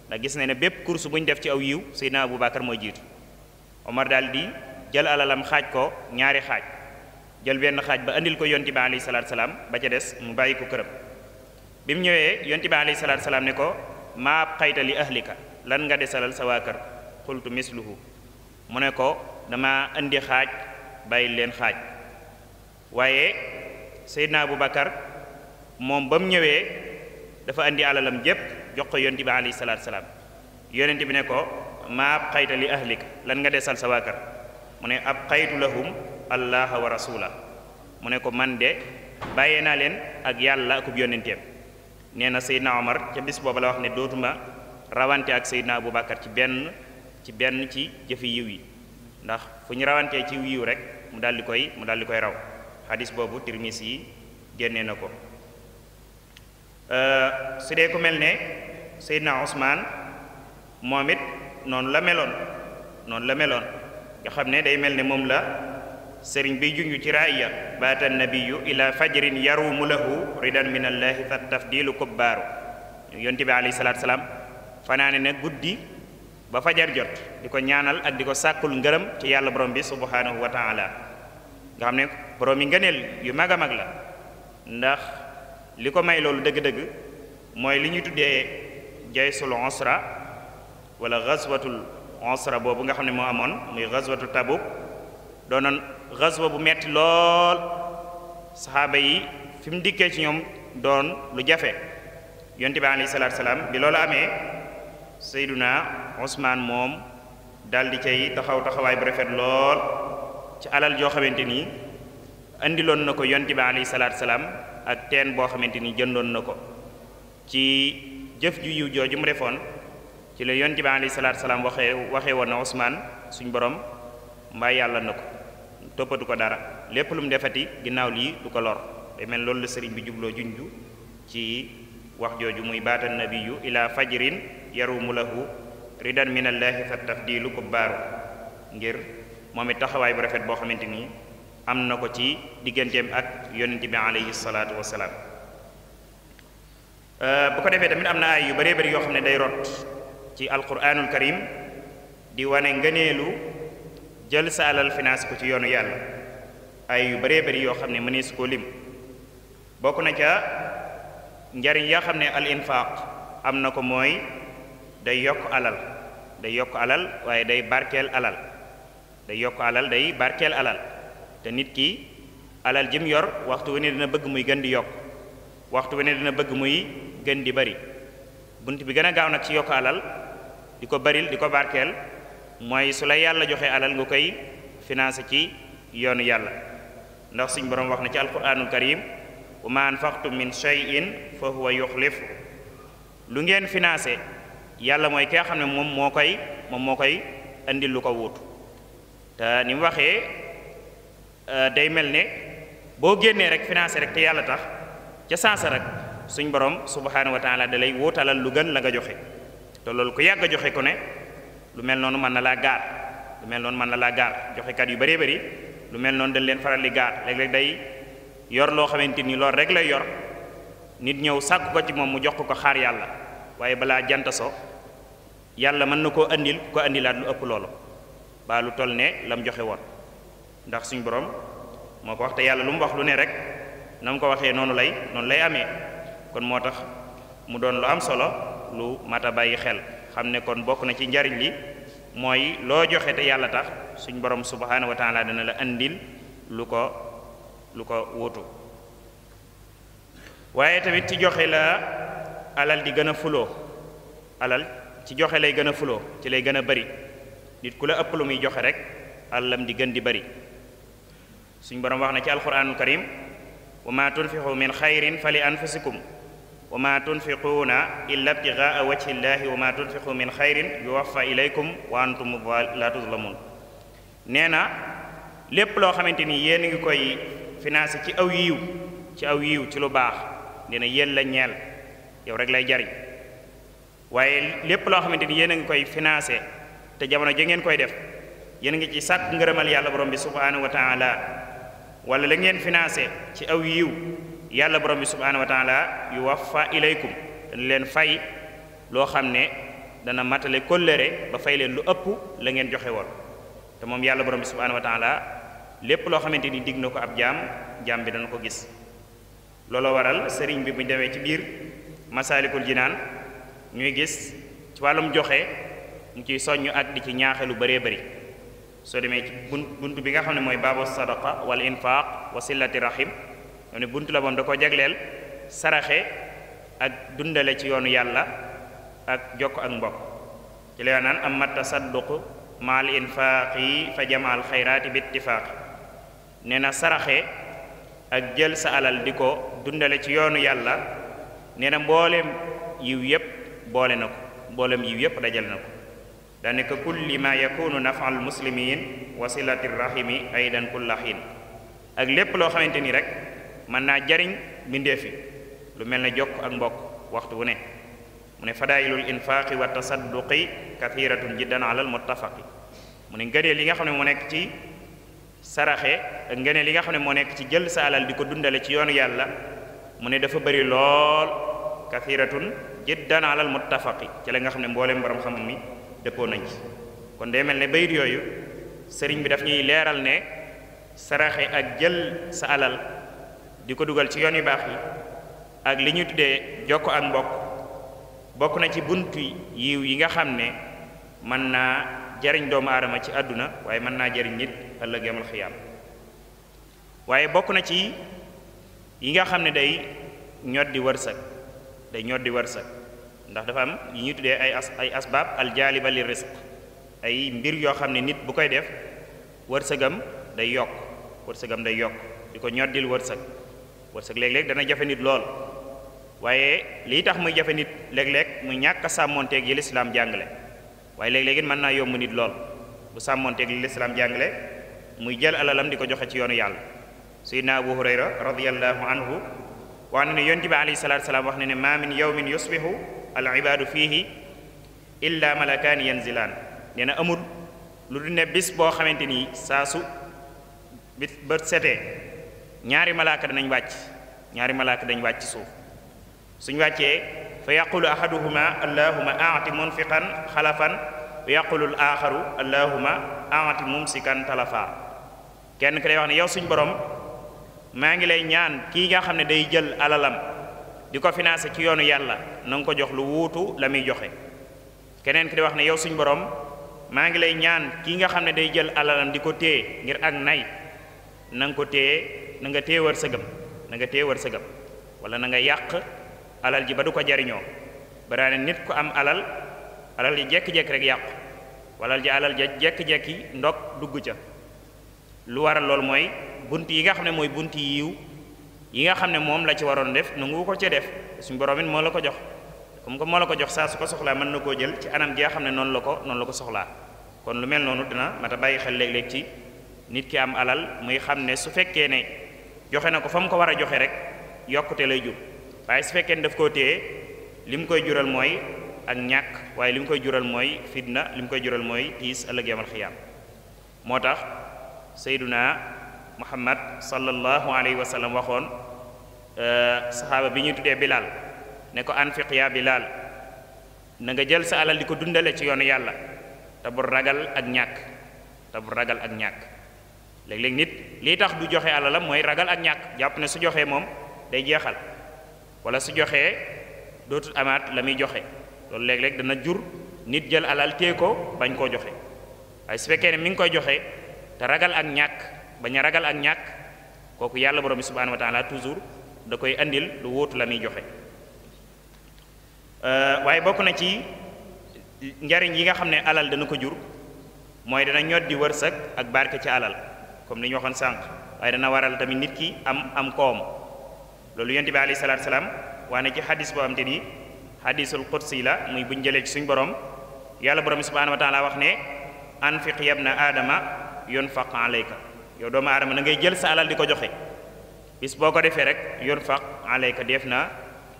ndax gis na ne bépp course bu ñu def ci aw yiw seydna abu bakar mooy jiitu Omar daal di jël alalam xaaj ko ñaari xaaj jël benn xaaj ba indil ko yonti bi alayhi salaatu salaam ba ca des mu bàyyi ko këram bi mu ñëwee yonti bi alayhi salaatu salaam ne ko maa abqayta li ahlika lan nga desalal sa waa kër xultu misluhu mu ne ko dama indi xaaj bàyyi leen xaaj waaye Seydina Abubakar moom ba mu ñëwee dafa indi alalam jépp jox ko yonti bi alayhi salaatu salaam yonent bi ne ko maa ab xayta li ahlik lan nga desal sa waa kër mu ne ab xaytu lahum allaha wa rasula mu ne ko man de bàyyee naa leen ak yàlla akub yónnenteem nee na Seydina Omar ca bis boobu la wax ne dootuma rawante ak Seydina Aboubacar ci benn ci benn ci jëfi yiw yi ndax fu ñu rawantee ci yiw rek mu daal di koy mu daal di koy raw xadis boobu Tirmisi yi génne na ko euh, su dee ku mel ne Seydina Ousmane moom it noonu la meloon noonu la meloon nga xam ne day mel ni moom la sëriñ bi junj ci raaya baata nabiyu ila fajrin yarumu lahu ridan min allahi fa tafdilu kubbaaru yonte bi alayhi salaatu salaam fanaane na guddi ba fajar jot di ko ñaanal ak di ko sàkkul ngërëm ci yàlla borom bi subhanahu wa taala nga xam ne borom yi ngëneel yu mag a mag la ndax li ko may loolu dëgg-dëgg mooy li ñuy tuddee jaysul usra wala xaswatul onsra boobu nga xam ne moo amoon muy xaswatu tabuk doonoon xaswa bu metti lool saxaaba yi fi mu dikkee ci ñoom doon lu jafe yonte bi alayhi salaatu salaam bi loolu amee seyduna osmaan moom dal di cay taxaw taxawaay bu rafet lool ci alal joo xamante nii indiloon na ko yonte bi alayhi salaatu salaam ak teen boo xamante ni jëndoon na ko ci jëf ju yiw jooju mu defoon ci la yonte bi alayhi salaatu salaam waxee waxee woon na Usmaan suñ borom mbaa yàlla na ko toppatu ko dara lépp lu mu defati ginnaaw lii du ko lor day loolu la sëriñ bi jubloo junju ci wax jooju muy baata nabiyu ila fajrin yarumu lahu ridan minallaahi fa tafdilu ko baaru ngir moom it taxawaay bu rafet boo xamante ni am na ko ci digganteem ak yonent bi alayhi salaatu wasalaam euh, bu ko defee tamit am na ay yu baree bëri yoo xam ne day rot ci alquranul karim di wane ngëneelu jël sa alal finance ko ci yoonu yàlla ay yu baree bari yoo xam ne mënees koo lim bokk na ca njariñ yaa xam ne al infaq am na ko mooy day yokk alal day yokk alal waaye day barkeel alal day yokk alal day barkeel alal te nit ki alal jëm yor waxtu wu ne dina bëgg muy gën di yokk waxtu wu ne dina bëgg muy gën di bari bunt bi gën a gaaw nag ci yokk alal di ko bari di ko barkeel mooy su la yàlla joxe alal nga koy financé ci yoonu yàlla ndax suñ borom wax na ci alquranul karim wa ma anfaqtum min shay'in foofu huwa yuxlifu lu ngeen financé yàlla mooy ki xam ne moom moo koy moom moo koy andil lu ko wuutu te ni mu waxee euh, day mel ne boo génnee rek financé rek te yàlla tax ca sansa rek suñ borom subhanahu wa taala da lay wuutalal lu gën la nga joxe te loolu ku yàgg joxe ko ne lu mel noonu mën na laa gaar lu mel noonu mën na laa gaar joxekat yu bëree bëri lu mel noonu dañ leen faral di gaar léeg-léeg day yor loo xamante ni loolu rek lay yor nit ñëw sàkk ko ci moom mu jox ko ko xaar yàlla waaye balaa jant so yàlla mën na ko andil ko andilaat lu ëpp loolu baa lu toll ne lam joxe woon ndax suñu borom moo ko wax yàlla lu mu wax lu ne rek na mu ko waxee noonu lay noonu lay amee kon moo tax mu doon lu am solo lu mat a bàyyi xel xam ne kon bokk na ci njariñ li mooy loo joxe te yàlla tax suñ borom subhanahu wa dana la andil lu ko lu ko wutu waaye tamit ci joxe la alal di gën a fuloo alal ci joxe lay gën a fuloo ci lay gën a bari nit ku la ëpp lu muy joxe rek alalam di gën di bari suñ borom wax na ci alquranul karim wa ma tunfixu xayrin fa li anfusikum wa ma tunfiquuna illa ibtigaa wajhi llahi wa ma tunfiqu min xayrin yuwaffa ilaykum wa antum la tuzlamun nee na lépp loo xamante ni yéen ngi koy financé ci aw yiw ci aw yiw ci lu baax nee na yéen la ñeel yow rek lay jariñ waaye lépp loo xamante ni yéen a ngi koy financé te jamono ja ngeen koy def yéen ngi ci sàkk ngërëmal yàlla borom bi subhanahu wa taala wala la ngeen financé ci aw yiw yàlla borom bi subhaanahu wa yu wax fa ilaykum dana leen fay loo xam ne dana matale kóllëre ba fay leen lu ëpp la ngeen joxe woon te moom yàlla borom bi subhaanahu wa lépp loo xamante ni digg na ko ab jaam jaam bi dana ko gis looloo waral sëriñ bi bu demee ci biir masaalikul jinaan ñuy gis ci wàllum joxe mu ciy soññ ak di ci ñaaxe lu bëree bëri soo demee ci bunt bi nga xam ne mooy baabu sadaqa wal infaq wa sillati xam ne bunt la moom da ko jagleel saraxe ak dundale ci yoonu yàlla ak jokk ak mbokk ci la yoo naan amma tasadduqu maal infaaqi fa jamaal xayraati bi ittifaaqi nee na saraxe ak jël sa alal di ko dundale ci yoonu yàlla nee na mboolem yiw yépp boole na ko mboolem yiw yépp dajal na ko daanaka kulli ma yakunu nafaal muslimin wa silati rahimi aydan kulla ak lépp loo xamante ni rek mën naa jariñ mbindeef yi lu mel ne jokk ak mbokk waxtu wu ne mu ne fadaayilul infaaqi wa tasadduqi kathiratun jiddan ala al muttafaqi mu ne ngëneel li nga xam ne moo nekk ci saraxe ak li nga xam ne moo nekk ci jël sa di ko dundale ci yoonu yàlla mu ne dafa bëri lool kathiratun jiddan ala al muttafaqi ci la nga xam ne mbooleem borom xam mi dëppoo nañ kon day mel ne bayit yooyu sëriñ bi daf ñuy leeral ne saraxe ak jël sa alal di ko dugal ci yoon yu baax yi ak li ñuy tuddee jokko ak mbokk bokk na ci bunt yiw yi nga xam ne mën naa jariñ doomu aadama ci àdduna waaye mën naa jariñ nit ëllëg yamul xiyaam waaye bokk na ci yi nga xam ne day ñod di wërsëg day ñod di wërsëg ndax dafa am yi ñuy tuddee ay as ay asbaab aljaaliba li ay mbir yoo xam ne nit bu koy def wërsëgam day yokk wërsëgam day yokk di ko ñoddil wërsëg parce que léeg-léeg dana jafe nit lool waaye lii tax muy jafe nit léeg-léeg muy ñàkk a sàmmonteeg yi lislaam jàngale waaye léeg-léeg it mën naa yomb nit lool bu sàmmonteeg li lislaam jàngale mu jël alalam di ko joxe ci yoonu yàlla sayyidina abu hurayra radiallahu anhu wax na ne yonent bi alayhi salaatu salaam wax na ne maa min yawmin yusbihu al ibaadu fiihi illa malakaani yanzilaan nee na amul lu du ne bis boo xamante nii saa su bit bët setee ñaari malaaka danañ wàcc ñaari malaaka dañ wàcc suuf suñ wàccee fa yaqulu ahaduhuma allahuma aati munfiqan xalafan wa yaqulu l aaxaru allahuma aati mumsikan talafa kenn ki day wax ne yow suñ borom maa ngi lay ñaan kii nga xam ne day jël alalam di ko financé ci yoonu yàlla na nga ko jox lu wuutu la muy joxe keneen ki di wax ne yow suñ borom maa ngi lay ñaan kii nga xam ne day jël alalam di ko téye ngir ak nay na nga ko téye na nga téewar sa gëm na nga téewar sa gëm wala na nga yàq alal ji ba du ko jariñoo baraane nit ko am alal alal ji jekki-jekki rek yàqu walal ji alal ja jekki-jekki dugg ca lu waral loolu mooy bunt yi nga xam ne mooy bunt yi yiw yi nga xam ne moom la ci waroon def nangu ko cee def suñu borom it moo la ko jox comme que moo la ko jox saa su ko soxlaa mën na koo jël ci anam gi nga xam ne noonu la ko noonu la ko soxlaa kon lu mel noonu dina mata bàyyi xel léeg-léeg ci nit ki am alal muy xam ne su fekkee ne joxe na ko fa mu ko war a joxe rek yokkute lay jur waaye su fekkee ne daf koo téye li mu koy jural mooy ak ñàkk waaye li mu koy jural mooy fitna li mu koy jural mooy tiis ëllëg yamal xiyaam moo tax sayduna muhammad sallallahu alayhi wa sallam waxoon euh, saxaaba bi ñuy tuddee bilaal ne ko anfiq yaa bilaal na nga jël sa alal di ko dundale ci yoonu yàlla te bu ragal ak ñàkk te bu ragal ak ñàkk léegi léeg nit lii tax du joxe alalam mooy ragal ak ñàkk jàpp ne su joxee moom day jeexal walla su joxee dootul amaat la muy joxe loolu léeg-léeg dana jur nit jël alal téye ko bañ koo joxe waaye su fekkee ne mi ngi koy joxe te ragal ak ñàkk bañ a ragal ak ñàkk kooku yàlla borom bi subhanahu toujours da koy indil lu wóotu la muy joxe euh, waaye bokk na ci njariñ yi nga xam ne alal dana ko jur mooy dana ñoddi wërsëg ak barke ci alal comme ni ñu waxoon sànq waaye dana waral tamit nit ki am am koom loolu yonent bi alayhi salaatu salaam waane ci xadis boo am te ni xadisul qudsi la muy buñ jëlee ci suñ borom yàlla borom subhanahu wa taala wax ne anfiq na aadama yunfaq alayka yow doomu aadama na ngay jël sa alal di ko joxe bis boo ko defee rek yunfaq alayka def na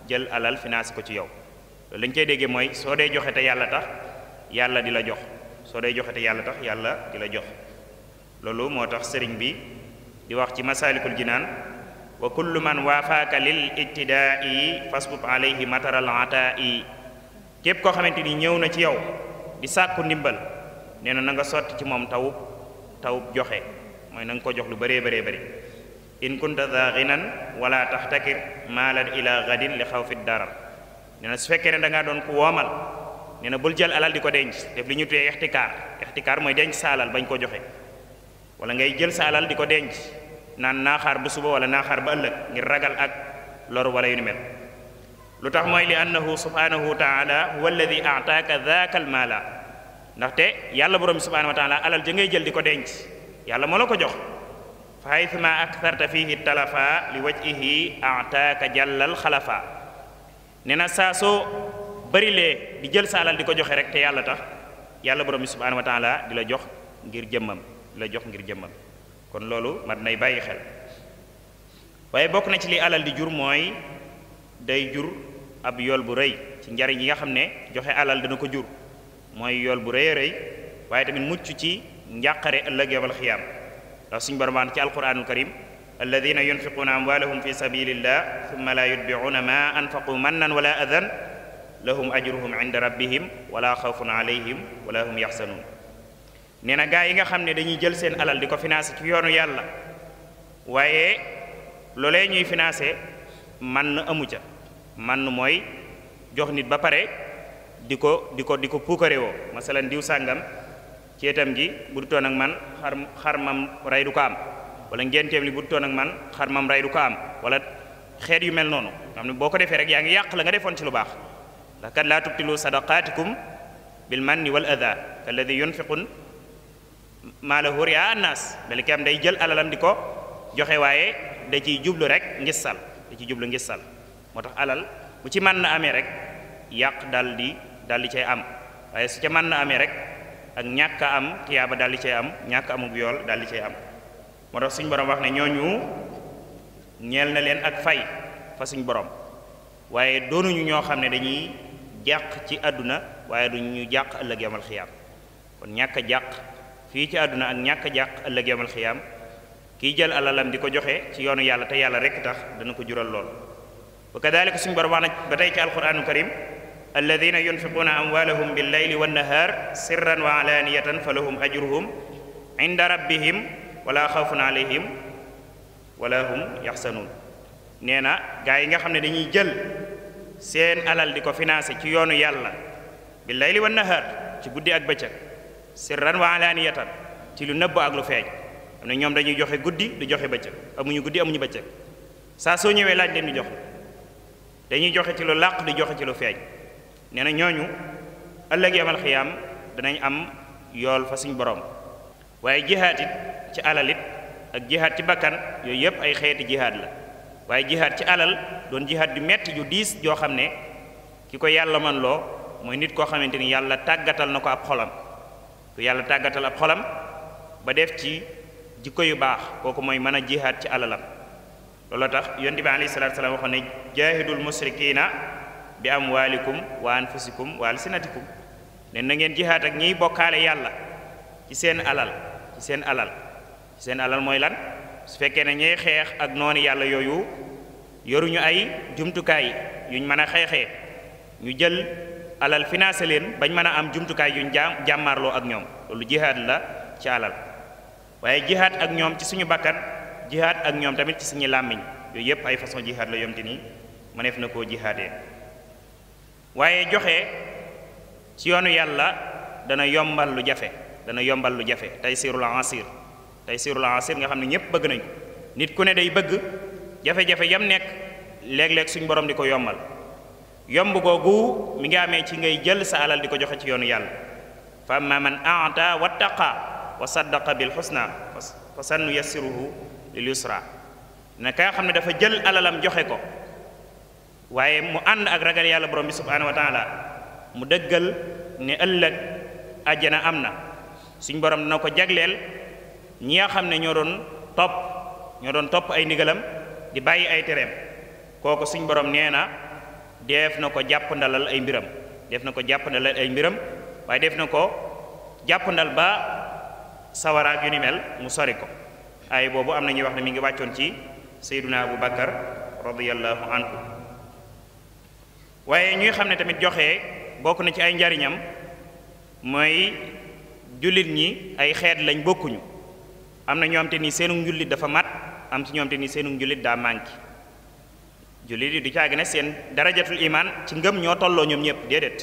jël alal financé ko ci yow loolu lañ cey déggee mooy soo dee joxe te yàlla tax yàlla di la jox soo dee joxe yàlla tax yàlla di la jox loolu moo tax sëriñ bi di wax ci masaalikul jinaan wa kullu man waafaaka lil ibtidaai fasbub alayhi mataral ataai képp koo xamante ni ñëw na ci yow di sàkku ndimbal nee na na nga sotti ci moom tawub tawub joxe mooy na nga ko jox lu bëree bëree bëri in kunta daa ginan wala taxtakir maalan ila gadin li xawfi darar nee na su fekkee ne da ngaa doon ku woomal nee na bul jël alal di ko denc def li ñu tuddee ixtikaar ixtikaar mooy denc saalal bañ ko joxe wala ngay jël sa alal di ko denc naan naaxaar ba suba wala naaxaar ba ëllëg ngir ragal ak loru wala yu ni mel lu tax mooy li annahu subhanahu wa taala huwa alladi aataaka daaka al maala ndaxte yàlla borom bi subhanahu wa ngay jël di ko denc yàlla moo la ko jox fa haythuma aktharta fihi talafa li wajhihi aataaka jàllal xalafa nee na saa soo bërilee di jël sa alal di ko joxe rek te yàlla tax yàlla borom bi subhanahu wa di la jox ngir jëmmam la jox ngir jëmmal kon loolu mat nay bàyyi xel waaye bokk na ci li alal di jur mooy day jur ab yool bu rëy ci njariñ yi nga xam ne joxe alal dana ko jur mooy yool bu rëy a rëy waaye tamit mucc ci njàqare ëllëg yowmal xiyaam ndax suñu boromaan ci alquranul karim alladina yunfiquuna amwaalahum fi sabilillah thumma la yutbicuuna ma anfaqu mannan wala adan lahum ajruhum inda rabbihim wala xawfun alayhim wala hum yaxsanuun nee na gaa yi nga xam ne dañuy jël seen alal di ko finance ci yoonu yàlla waaye loolee ñuy financé man amu ca man mooy jox nit ba pare di ko di ko di ko puukarewoo woo masalan diw sàngam ceetam gi bu dutoon ak man xar xar mam ray du ko am wala ngenteem li bu dutoon ak man xar mam ray du ko am wala xeet yu mel noonu xam ne boo ko defee rek yaa ngi yàq la nga defoon ci lu baax ndax kat laa tubtilu sadaqaatikum bil manni wal adha kalladi yunfiqun maalahu riyaa annaas mel ki am day jël alalam di ko joxe waaye da ciy jublu rek ngissal da ciy jublu ngissal moo tax alal bu ci mën na amee rek yàq dal di dal di cay am waaye su ca mën na amee rek ak ñàkk am tiyaaba daldi di cay am ñàkk amug yool dal di cay am moo tax suñu borom wax ne ñooñu ñel na leen ak fay fa suñu borom waaye doonuñu ñoo xam ne dañuy jàq ci àdduna waaye duñu jàq ëllëg yamal xiyaam kon ñàkk a jàq fii ci àdduna ak ñàkk a jàq ëllëg yawmal xiyaam kiy jël alalam di ko joxe ci yoonu yàlla te yàlla rekk tax dana ko jural lool wa kadalika suñu borom wax na ba tey ci alquranu karim alladina yunfiquuna amwalahum billayli wannahaar sirran wa alaaniyatan fa lahum ajruhum inda rabbihim wala xawfun alayhim wala hum yaxsanuun nee na gaa yi nga xam ne dañuy jël seen alal di ko financé ci yoonu yàlla billayli wannahaar ci guddi ak bëccëg sirran wa alaaniyatan ci lu nëbb ak lu feeñ am ñoom dañuy joxe guddi du joxe bëccëg amuñu guddi amuñu bëccëg saa soo ñëwee laaj leen di jox dañuy joxe ci lu làq di joxe ci lu feeñ nee na ñooñu ëllëg yamal xiyaam danañ am yool fa suñ borom waaye jihaat ci alalit ak jihaat ci bakkan yooyu yëpp ay xeeti jihaat la waaye jihaat ci alal doon jihaat ju metti yu diis joo xam ne ki ko yàlla man loo mooy nit koo xamante ni yàlla tàggatal na ko ab xolam ku yàlla tàggatal ab xolam ba def ci jikko yu baax kooku mooy mën a jihaat ci alalam looloo tax yonent bi alayhi salaatu salaam waxoon ne jaahidul musrikiina bi amwaalikum wa anfusikum wa alsinatikum ne na ngeen jihaat ak ñiy bokkaale yàlla ci seen alal ci seen alal ci seen mooy lan su fekkee ne ñuy xeex ak noonu yàlla yooyu yoruñu ay jumtukaay yuñ mën a xeexee ñu jël alal financé leen bañ mën a am jumtukaay yuñ jaam jàmmaarloo ak ñoom loolu jihaad la ci alal waaye jihaad ak ñoom ci suñu bakkan jihaad ak ñoom tamit ci suñu làmmiñ yooyu yëpp ay façon jihaad la yom te nii mëneef na koo jihaadee waaye joxe ci yoonu yàlla dana yombal lu jafe dana yombal lu jafe tey siirul asir tey siirul asir nga xam ne ñëpp bëgg nañu nit ku ne day bëgg jafe-jafe yam nekk léeg-léeg suñu borom di ko yombal yomb googu mi ngi amee ci ngay jël sa alal di ko joxe ci yoonu yàlla fa amma man aata wattaqa wa saddaqa bil xusna fa sannu yassiruhu lil yusra ne ka nga xam ne dafa jël alalam joxe ko waaye mu ànd ak ragal yàlla borom bi subhanahu wa mu dëggal ne ëllëg àjjana am na suñ borom dina ko jagleel ñi nga xam ne ñoo doon topp ñoo doon topp ay ndigalam di bàyyi ay tereem kooku suñ borom nee na deef na ko jàpp ay mbiram def na ko jàpp ndalal ay mbiram waaye def na ko jàpp ba sawaraak yu ni mel mu sori ko ay boobu am na ñuy wax ne mi ngi wàccoon ci sayduna abu bakar radiallahu anhu waaye ñuy xam ne tamit joxe bokk na ci ay njariñam mooy jullit ñi ay xeet lañ bokkuñu am na ñoom te ni seenu njullit dafa mat am ci ñoom te ni seenu njullit daa manqué jullit yi du caagi ne seen darajatul iman ci ngëm ñoo tolloo ñoom ñëpp déedéet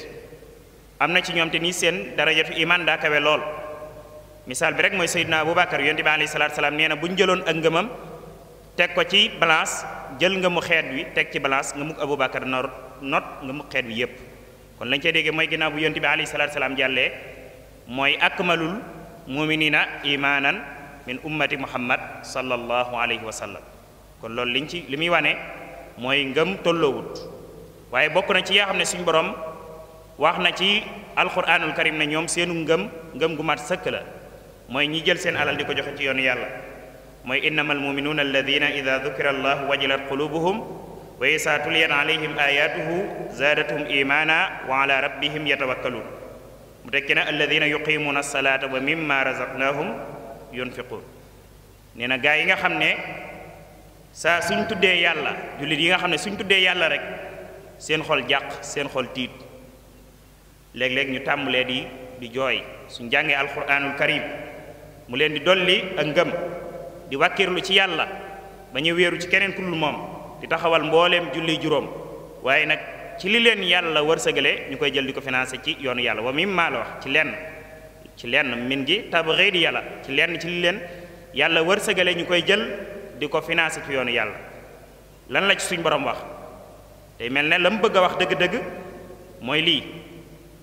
am na ci ñoom te nii seen darajatul iman daa kawe lool misaal bi rek mooy Seydina bakar yonte bi alayhi salaatu salaam nee na bu ñu jëloon ak ngëmam teg ko ci balance jël nga ngëmu xeet wi teg ci balance ngëmuk Abubakar nor not ngëmu xeet wi yépp kon lañ cay déggee mooy ginnaaw bu yonte bi alayhi salaatu salaam jàllee mooy akmalul muminina imaanan min ummati muhammad sallallahu alayhi wa sallam mooy ngëm tolloowut waaye bokk na ci yaa xam ne suñu borom wax na ci alquranul karim na ñoom seenu ngëm ngëm gu mat sëkk la mooy ñi jël seen alal di ko joxe ci yoon yàlla mooy innamal muminuuna alladina ida dukira allahu wajilat qulubuhum wa isa tuliyat alayhim ayatuhu zaadathum imana wa ala rabbihim yatawakkaluun mu tekki na alladina yuqimuuna alsalata wa mimma razaqnahum yunfiquun nee na gaa yi nga xam ne saa suñ tuddee yàlla jullit yi nga xam ne suñ tuddee yàlla rek seen xol jàq seen xol tiit léeg-léeg ñu tàmbalee di di jooy suñ jàngee alquranul karim mu leen di dolli ak ngëm di wàkkirlu ci yàlla ba ñu wéeru ci keneen ku moom di taxawal mbooleem julli juróom waaye nag ci li leen yàlla wërsëgale ñu koy jël di ko financé ci yoonu yàlla wa mim wax ci lenn ci lenn min gi tab di yàlla ci lenn ci li leen yàlla wërsëgale ñu koy jël di ko financé ci yoonu yàlla lan la ci suñ boroom wax tey mel ne la mu bëgg a wax dëgg-dëgg mooy lii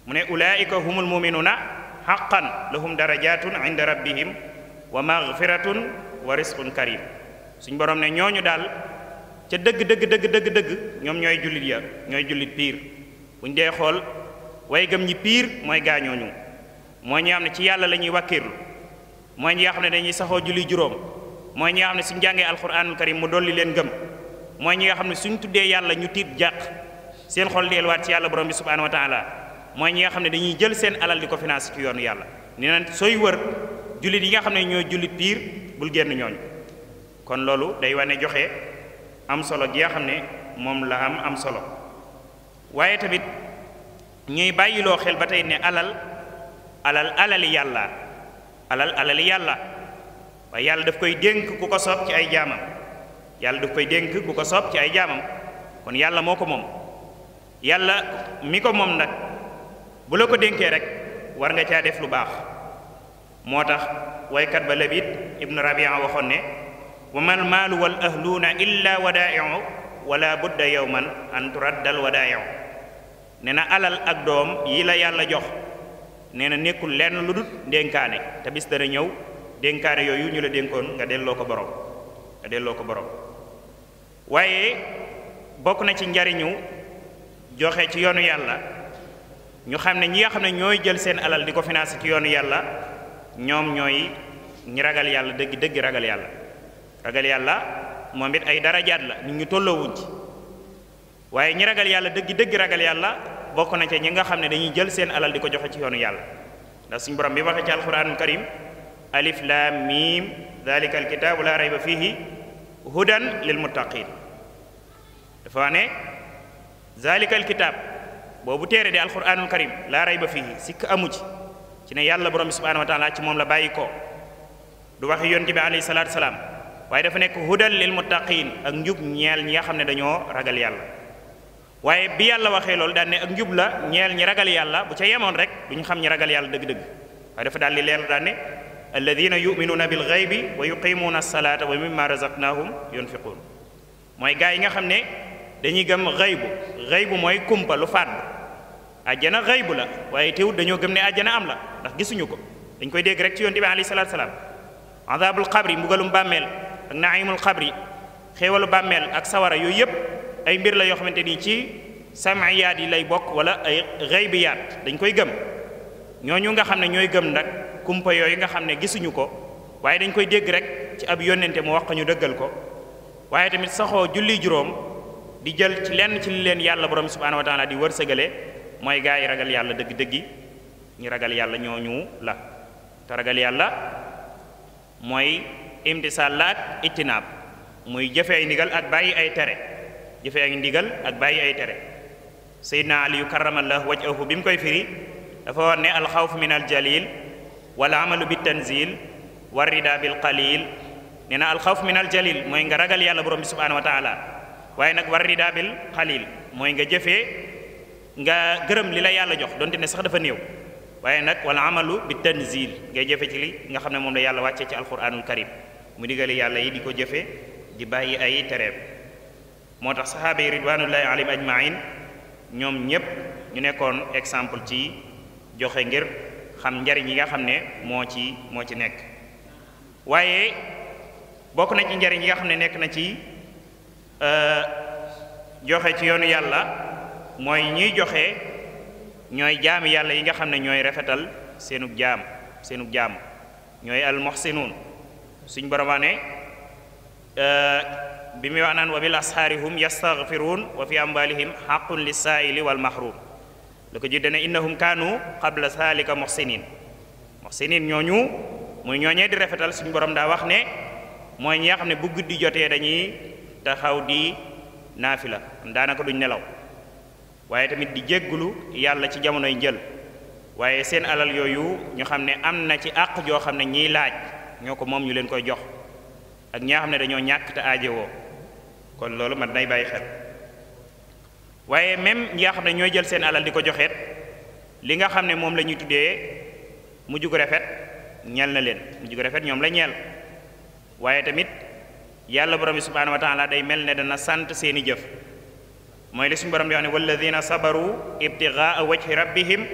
mu ne ulaayika humul muminuuna xaqan lahum darajatun inda rabbihim wa maghfiratun wa risqun karim suñ borom ne ñooñu daal ca dëgg dëgg dëgg dëgg dëgg ñoom ñooy jullit ya ñooy jullit piir buñ dee xool way gëm ñi piir mooy gaañooñu mooy ñi xam ne ci yàlla la ñuy wàkkiirlu mooy ñi nga xam ne dañuy saxoo julli juróom mooy ñi nga xam ne suñu jàngee alquranul karim mu dolli leen gëm mooy ñi nga xam ne suñ tuddee yàlla ñu tiit jàq seen xol waat ci yàlla borom bi subhanahu wa taala mooy ñi nga xam ne dañuy jël seen alal di ko financé ci yàlla nee na sooy wër jullit yi nga xam ne ñoo jullit piir bul génn ñooñu kon loolu day wane joxe am solo gi nga xam ne moom la am am solo waaye tamit ñuy bàyyiloo xel ba tey ne alal alal alali yàlla alal alali yàlla waaye yàlla daf koy dénk ku ko soob ci ay jaamam yàlla daf koy dénk ku ko soob ci ay jaamam kon yàlla moo ko moom yàlla mi ko moom nag bu la ko dénkee rek war nga caa def lu baax moo tax waykat ba labit ibnu rabia waxoon ne wa mal maalu wal ahluuna illa wadaa'iu wala budda yawman an turaddal wadaa'iu nee na alal ak doom yi la yàlla jox nee na nekkul lenn lu dul dénkaane te bis dana ñëw dénkaane yooyu ñu la dénkoon nga delloo ko borom nga delloo ko borom waaye bokk na ci njariñu joxe ci yoonu yàlla ñu xam ne ñi nga xam ne ñooy jël seen alal di ko financé ci yoonu yàlla ñoom ñooy ñi ragal yàlla dëgg dëgg ragal yàlla ragal yàlla moom it ay dara darajaat la ñu ñu tolloowuñ ci waaye ñi ragal yàlla dëgg dëgg ragal yàlla bokk na ci ñi nga xam ne dañuy jël seen alal di ko joxe ci yoonu yàlla ndax suñu borom bi waxee ci alxuraanul karim alif laam miim dalika alkitaabu laa ba fii hudan lil muttaqin dafa ne dalika alkitaab boobu téere di alquranul karim laa rayba fiihi sikk amu ci ci ne yàlla borom bi subhanahu wa ci moom la bàyyi ko du waxi yonte bi alayhi salaatu salaam waaye dafa nekk hudan lil muttaqin ak njub ñeel ñi nga xam ne dañoo ragal yàlla waaye bi yàlla waxee loolu daan ak njub la ñeel ñi ragal yàlla bu ca yemoon rek du ñu xam ñi ragal yàlla dëgg-dëgg waaye bi yuminuuna bil xaybi wa yuqimuuna salaata wa mimma razaqnahum yunfiquun mooy gaa yi nga xam ne dañuy gëm xaybu xaybu mooy kumpa lu fàdd àjjana xaybu la waaye teewut dañoo gëm ne àjjana am la ndax gisuñu ko dañ koy dégg rek ci yoon ti bi alayhi salaatu salaam adabul xabri mbugalum bàmmeel ak naimul xabri xéewalu bàmmeel ak sawara yooyu yëpp ay mbir la yoo xamante ni ci samiyaat yi lay bokk wala ay yaat dañ koy gëm ñooñu nga xam ne ñooy gëm nag kumpa yooyu nga xam ne gisuñu ko waaye dañ koy dégg rek ci ab yónnente mu wax ko ñu dëggal ko waaye tamit saxoo julli juróom di jël ci lenn ci li leen yàlla borom subhaanahu wa taala di wërsëgale mooy gaa yi ragal yàlla dëgg-dëggi ñu ragal yàlla ñu la te ragal yàlla mooy imtisaal la ittinaab muy jëfe ay ndigal ak bàyyi ay tere jëfe ay ndigal ak bàyyi ay tere sayyidina ali yu karamallahu wajhahu bi mu koy firi dafa wax ne alxawf min aljalil wal amalu bi tanzil war rida bil qalil nee na alxawf min aljalil mooy nga ragal yàlla borom bi subhanahu wataala taala waaye nag war rida bi qalil mooy nga jëfee nga gërëm li la yàlla jox donte ne sax dafa néew waaye nag walla amalu bi tanzil ngay jëfe ci li nga xam ne moom la yàlla wàccee ci alquranul karim mu digale yàlla yi di ko jëfe di bàyyi ay tereem moo tax saxaaba yi ridwanullahi alayhim ajmain ñoom ñépp ñu nekkoon exemple ci joxe ngir xam njariñ yi nga xam ne moo ci moo ci nekk waaye bokk na ci njariñ yi nga xam ne nekk na ci euh, joxe ci yoonu yàlla mooy ñuy joxe ñooy jaami yàlla yi nga xam ne ñooy rafetal seenug jaam seenug jaam ñooy al muhsinuun suñ boromaa ne euh, bi muy wax naan wa bil asxaari hum yastaghfiruun wa fi amwalihim xaqun lissaa'ili wal mahrum lu ko jiite ne innahum kaanu qabla saalika muxsinin muxsinin ñooñu muy ñooñee di rafetal suñu borom daa wax ne mooy ñi xam ne bu di jotee dañuy taxaw di naafi naafila daanaka duñ nelaw waaye tamit di jégglu yàlla ci jamonoy njël waaye seen alal yooyu ñu xam ne am na ci àq joo xam ne ñii laaj ñoo ko moom ñu leen koy jox ak ñi xam ne dañoo ñàkk te aajewoo kon loolu mat nay bàyyi xel waaye même ñi nga ne ñooy jël seen alal di ko joxeet li nga xam ne moom la ñuy tuddee mujj gu rafet ñeel na leen mujj gu rafet ñoom la ñeel waaye tamit yàlla borom bi subhanahu wa taala day mel ne dana sant seeni jëf mooy li suñu borom di wax ne walladina sabaru ibtigaa wajhi rabbihim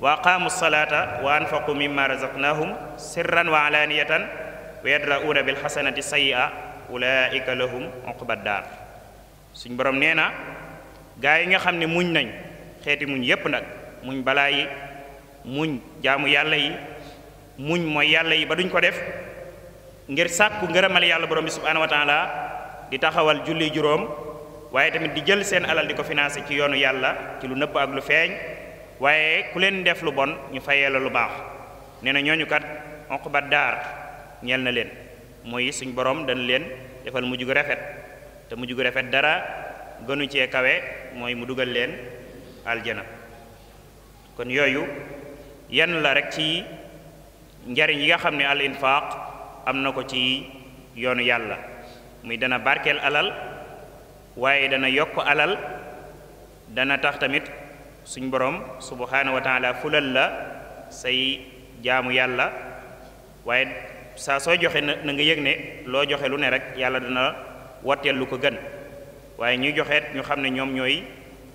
wa aqaamu salaata wa anfaqu mimma razaqnahum sirran wa alaaniyatan wa yadra'uuna bilxasanati sayyi'a ulaika lahum uqba daar suñ borom nee na gaa yi nga xam ne muñ nañ xeeti muñ yépp nag muñ balaa yi muñ jaamu yàlla yi muñ mooy yàlla yi ba duñ ko def ngir sàkku ngërëmal yàlla borom bi subhaanahu wa taala di taxawal julli juróom waaye tamit di jël seen alal di ko financé ci yoonu yàlla ci lu nëpp ak lu feeñ waaye ku leen def lu bon ñu fayee la lu baax nee na ñooñu kat ba daar ñeel na leen mooy suñ borom dana leen defal mujj gu rafet te mujj gu rafet dara gënu cee kawe mooy mu dugal leen aljana kon yooyu yan la rek ci njariñ yi nga xam ne al infaq am na ko ci yoonu yàlla muy dana barkeel alal waaye dana yokk alal dana tax tamit suñ boroom subhanahu wa fulal la say jaamu yàlla waaye saa soo joxe na nga yëg ne loo joxe lu ne rek yàlla dana watteel lu ko gën waaye ñuy joxeet ñu xam ne ñoom ñooy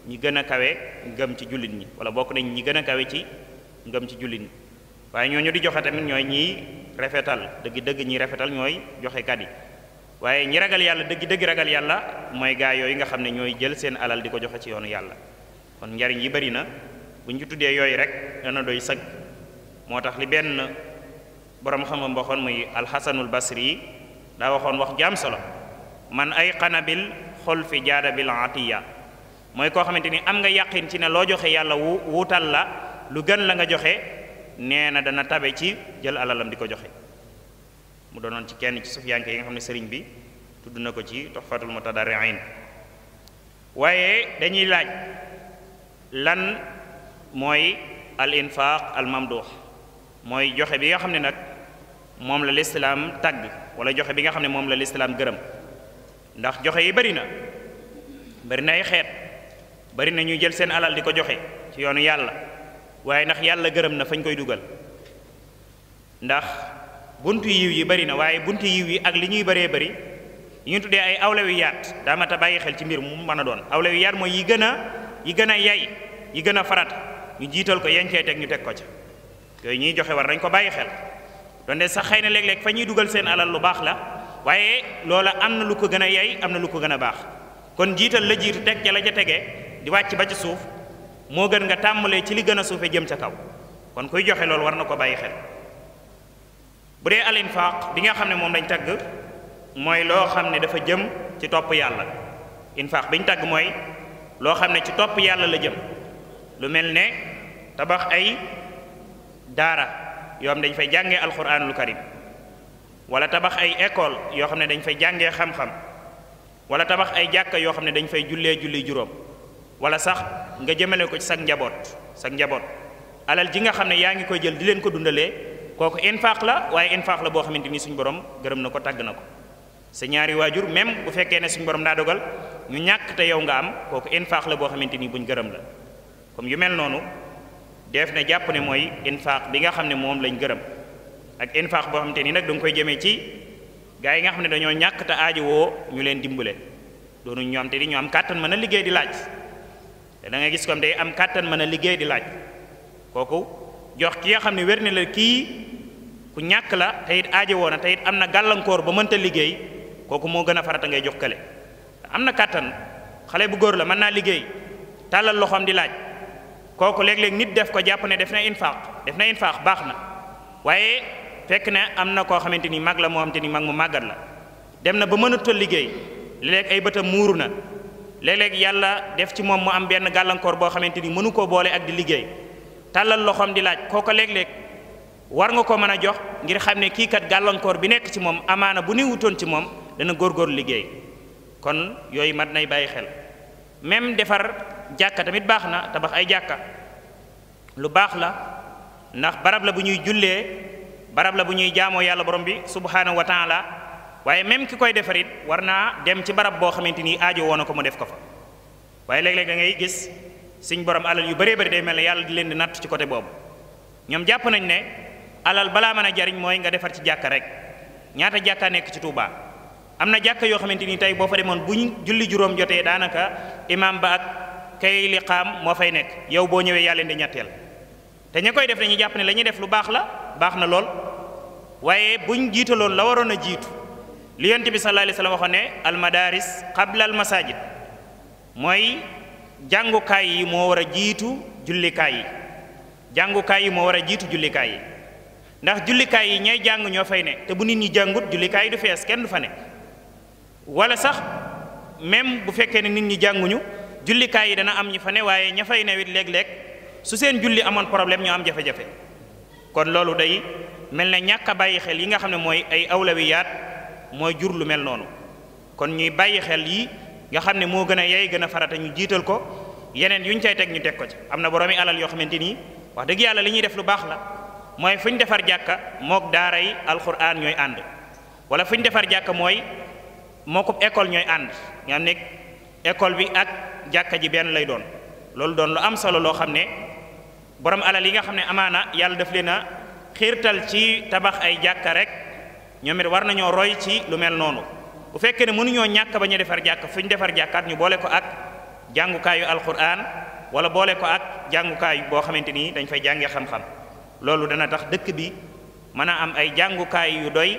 ñi gën a kawe ngëm ci jullit ñi wala bokk nañ ñi gën a kawe ci ngëm ci jullit ñi waaye ñoo ñu di joxe tamit ñooy ñiy rafetal dëgg dëgg ñiy rafetal ñooy joxekat yi waaye ñi ragal yàlla dëgg dëgg ragal yàlla mooy gaa yooyu nga xam ne ñooy jël seen alal di ko joxe ci yoonu yàlla kon njariñ yi bari na bu ñu ci tuddee yooyu rek dana doy sëg moo tax li benn borom xam-xam muy alxasanul basri yi daa waxoon wax jaam solo xol fi jaada bil atiya mooy koo xamante ni am nga yàqin ci ne loo joxe yàlla wu wuutal la lu gën la nga joxe nee na dana tabe ci jël alalam di ko joxe mu doon doonoon ci kenn ci sufiyanke yi nga xam ne sëriñ bi tudd na ko ci tuhfatul mutadarriin waaye dañuy laaj lan mooy al infaq al mamduux mooy joxe bi nga xam ne nag moom la lislaam tagg wala joxe bi nga xam ne moom la lislaam gërëm ndax joxe yi bari na bari na ay xeet bari na ñuy jël seen alal di ko joxe ci yoonu yàlla waaye ndax yàlla gërëm na fañ koy dugal ndax buntu yiw yi bari na waaye buntu yiw yi ak li ñuy baree bari yi ñu tuddee ay awlawiyaat yu yaat daamata bàyyi xel ci mbir mu mën a doon awlawiyaat mooy yi gën a yi gën a yay yi gën a farat ñu jiital ko yencee teg ñu teg ko ca yooyu ñuy joxe war dañ ko bàyyi xel donte sax xëy na léeg-léeg fa ñuy dugal seen alal lu baax la waaye loola am na lu ko gën a yey am na lu ko gën a baax kon jiital la jiitu teg ca la ca tege di wàcc ba ci suuf moo gën nga tàmbalee ci li gën a suufe jëm ca kaw kon kuy joxe loolu war na ko bàyyi xel bu dee al bi nga xam ne moom lañ tagg mooy loo xam ne dafa jëm ci topp yàlla infaq bi ñu tagg mooy loo xam ne ci topp yàlla la jëm lu mel ne tabax ay daara yoo dañ fay jàngee alquranul karim wala tabax ay école yoo xam ne dañ fay jàngee xam-xam wala tabax ay jàkka yoo xam ne dañ fay jullee julli juróom wala sax nga jëmale ko ci sag njaboot sag njaboot alal ji nga xam ne yaa ngi koy jël di leen ko dundalee kooku infaq la waaye infaq la boo xamante ni suñu borom gërëm na ko tàgg na ko sa ñaari waajur même bu fekkee ne suñu borom daa dogal ñu ñàkk te yow nga am kooku infaq la boo xamante ni buñ gërëm la comme yu mel noonu def na jàpp ne mooy infaq bi nga xam ne moom lañ gërëm ak infaq boo xam ni nag da koy jëmee ci gaa yi nga xam ne dañoo ñàkk aajo aaji woo ñu leen dimbale doonu ñu am te ni ñu am kàttan mën a liggéey di laaj te da nga gis comme day am kàttan mën a liggéey di laaj kooku jox ki nga xam ne wér na la kii ku ñàkk la te it aaji woo na te it am na gàllankoor ba mënta liggéey kooku moo gën a farata ngay jox kale am na kàttan xale bu góor la mën naa liggéey tàllal loxoom di laaj kooku léeg-léeg nit def ko jàpp ne def na infaq def na infaq baax na fekk ne am na koo xamante ni mag la moo xamante ni mag mu màggat la dem na ba mënatul liggéey léeg-léeg ay bëtam muuru na léeg yàlla def ci moom mu am benn gàllankoor boo xamante ni mënu koo boole ak di liggéey tàllal loxoom di laaj kooko léeg-léeg war nga ko mën a jox ngir xam ne kiikat gàllankoor bi nekk ci moom amaana bu nuy wutoon ci moom dana góorgóor liggéey kon yooyu mat nay bàyyi xel même defar jàkka tamit baax na tabax ay jàkka lu baax la ndax barab la bu ñuy jullee barab la bu ñuy jaamoo yàlla borom bi subhaanahu wa taala waaye même ki koy defarit war naa dem ci barab boo xamante ni aajo woon na ko mu def ko fa waaye léeg-léeg da ngay gis suñ borom alal yu bëree bëri day mel ne yàlla di leen di natt ci côté boobu ñoom jàpp nañ ne alal balaa mën a jariñ mooy nga defar ci jàkka rek ñaata jàkka nekk ci Touba am na jàkka yoo xamante ni tey boo fa demoon bu ñu julli juróom jotee daanaka imam ba ak kay xaam moo fay nekk yow boo ñëwee yàlla leen ñetteel te ñi koy def dañuy jàpp ne la def lu baax la baax na lool waaye buñ jiitaloon la waroon a jiitu li yonent bi sallallahu alayhi wasallam waxoon ne almadaris qabla almasajid mooy jàngukaay yi moo war a jiitu jullikaay yi jàngukaay yi moo war a jiitu jullikaay yi ndax jullikaay yi ñay jàng ñoo fay ne te bu nit ñi jàngut jullikaay yi du fees kenn du fa ne wala sax même bu fekkee ne nit ñi jànguñu jullikaay yi dana am ñi fa ne waaye ña fay newit léeg-léeg su seen julli amoon problème ñu am jafe-jafe kon loolu day mel na ñàkk a bàyyi xel yi nga xam ne mooy ay awlawiyaat mooy jur lu mel noonu kon ñuy bàyyi xel yi nga xam ne moo gën a yey gën a farata ñu jiital ko yeneen yu ñu tey teg ñu teg ko ci am na boromi alal yoo xamante ni wax dëgg yàlla li ñuy def lu baax la mooy fu ñu defar jàkka mook daaray yi alxuraan ñooy ànd wala fu ñu defar jàkka mooy mookub école ñooy ànd nga xam ne école bi ak jàkka ji benn lay doon loo xam ne borom alal yi nga xam ne amaana yàlla def leen a xiirtal ci tabax ay jàkka rek ñoom it war nañoo roy ci lu mel noonu bu fekkee ne mënuñoo ñàkk ba ñu defar jàkk fu ñu defar jàkkaat ñu boole ko ak jàngukaayu alquran wala boole ko ak jàngukaay boo xamante ni dañ fay jàngee xam-xam loolu dana tax dëkk bi mën a am ay jàngukaay yu doy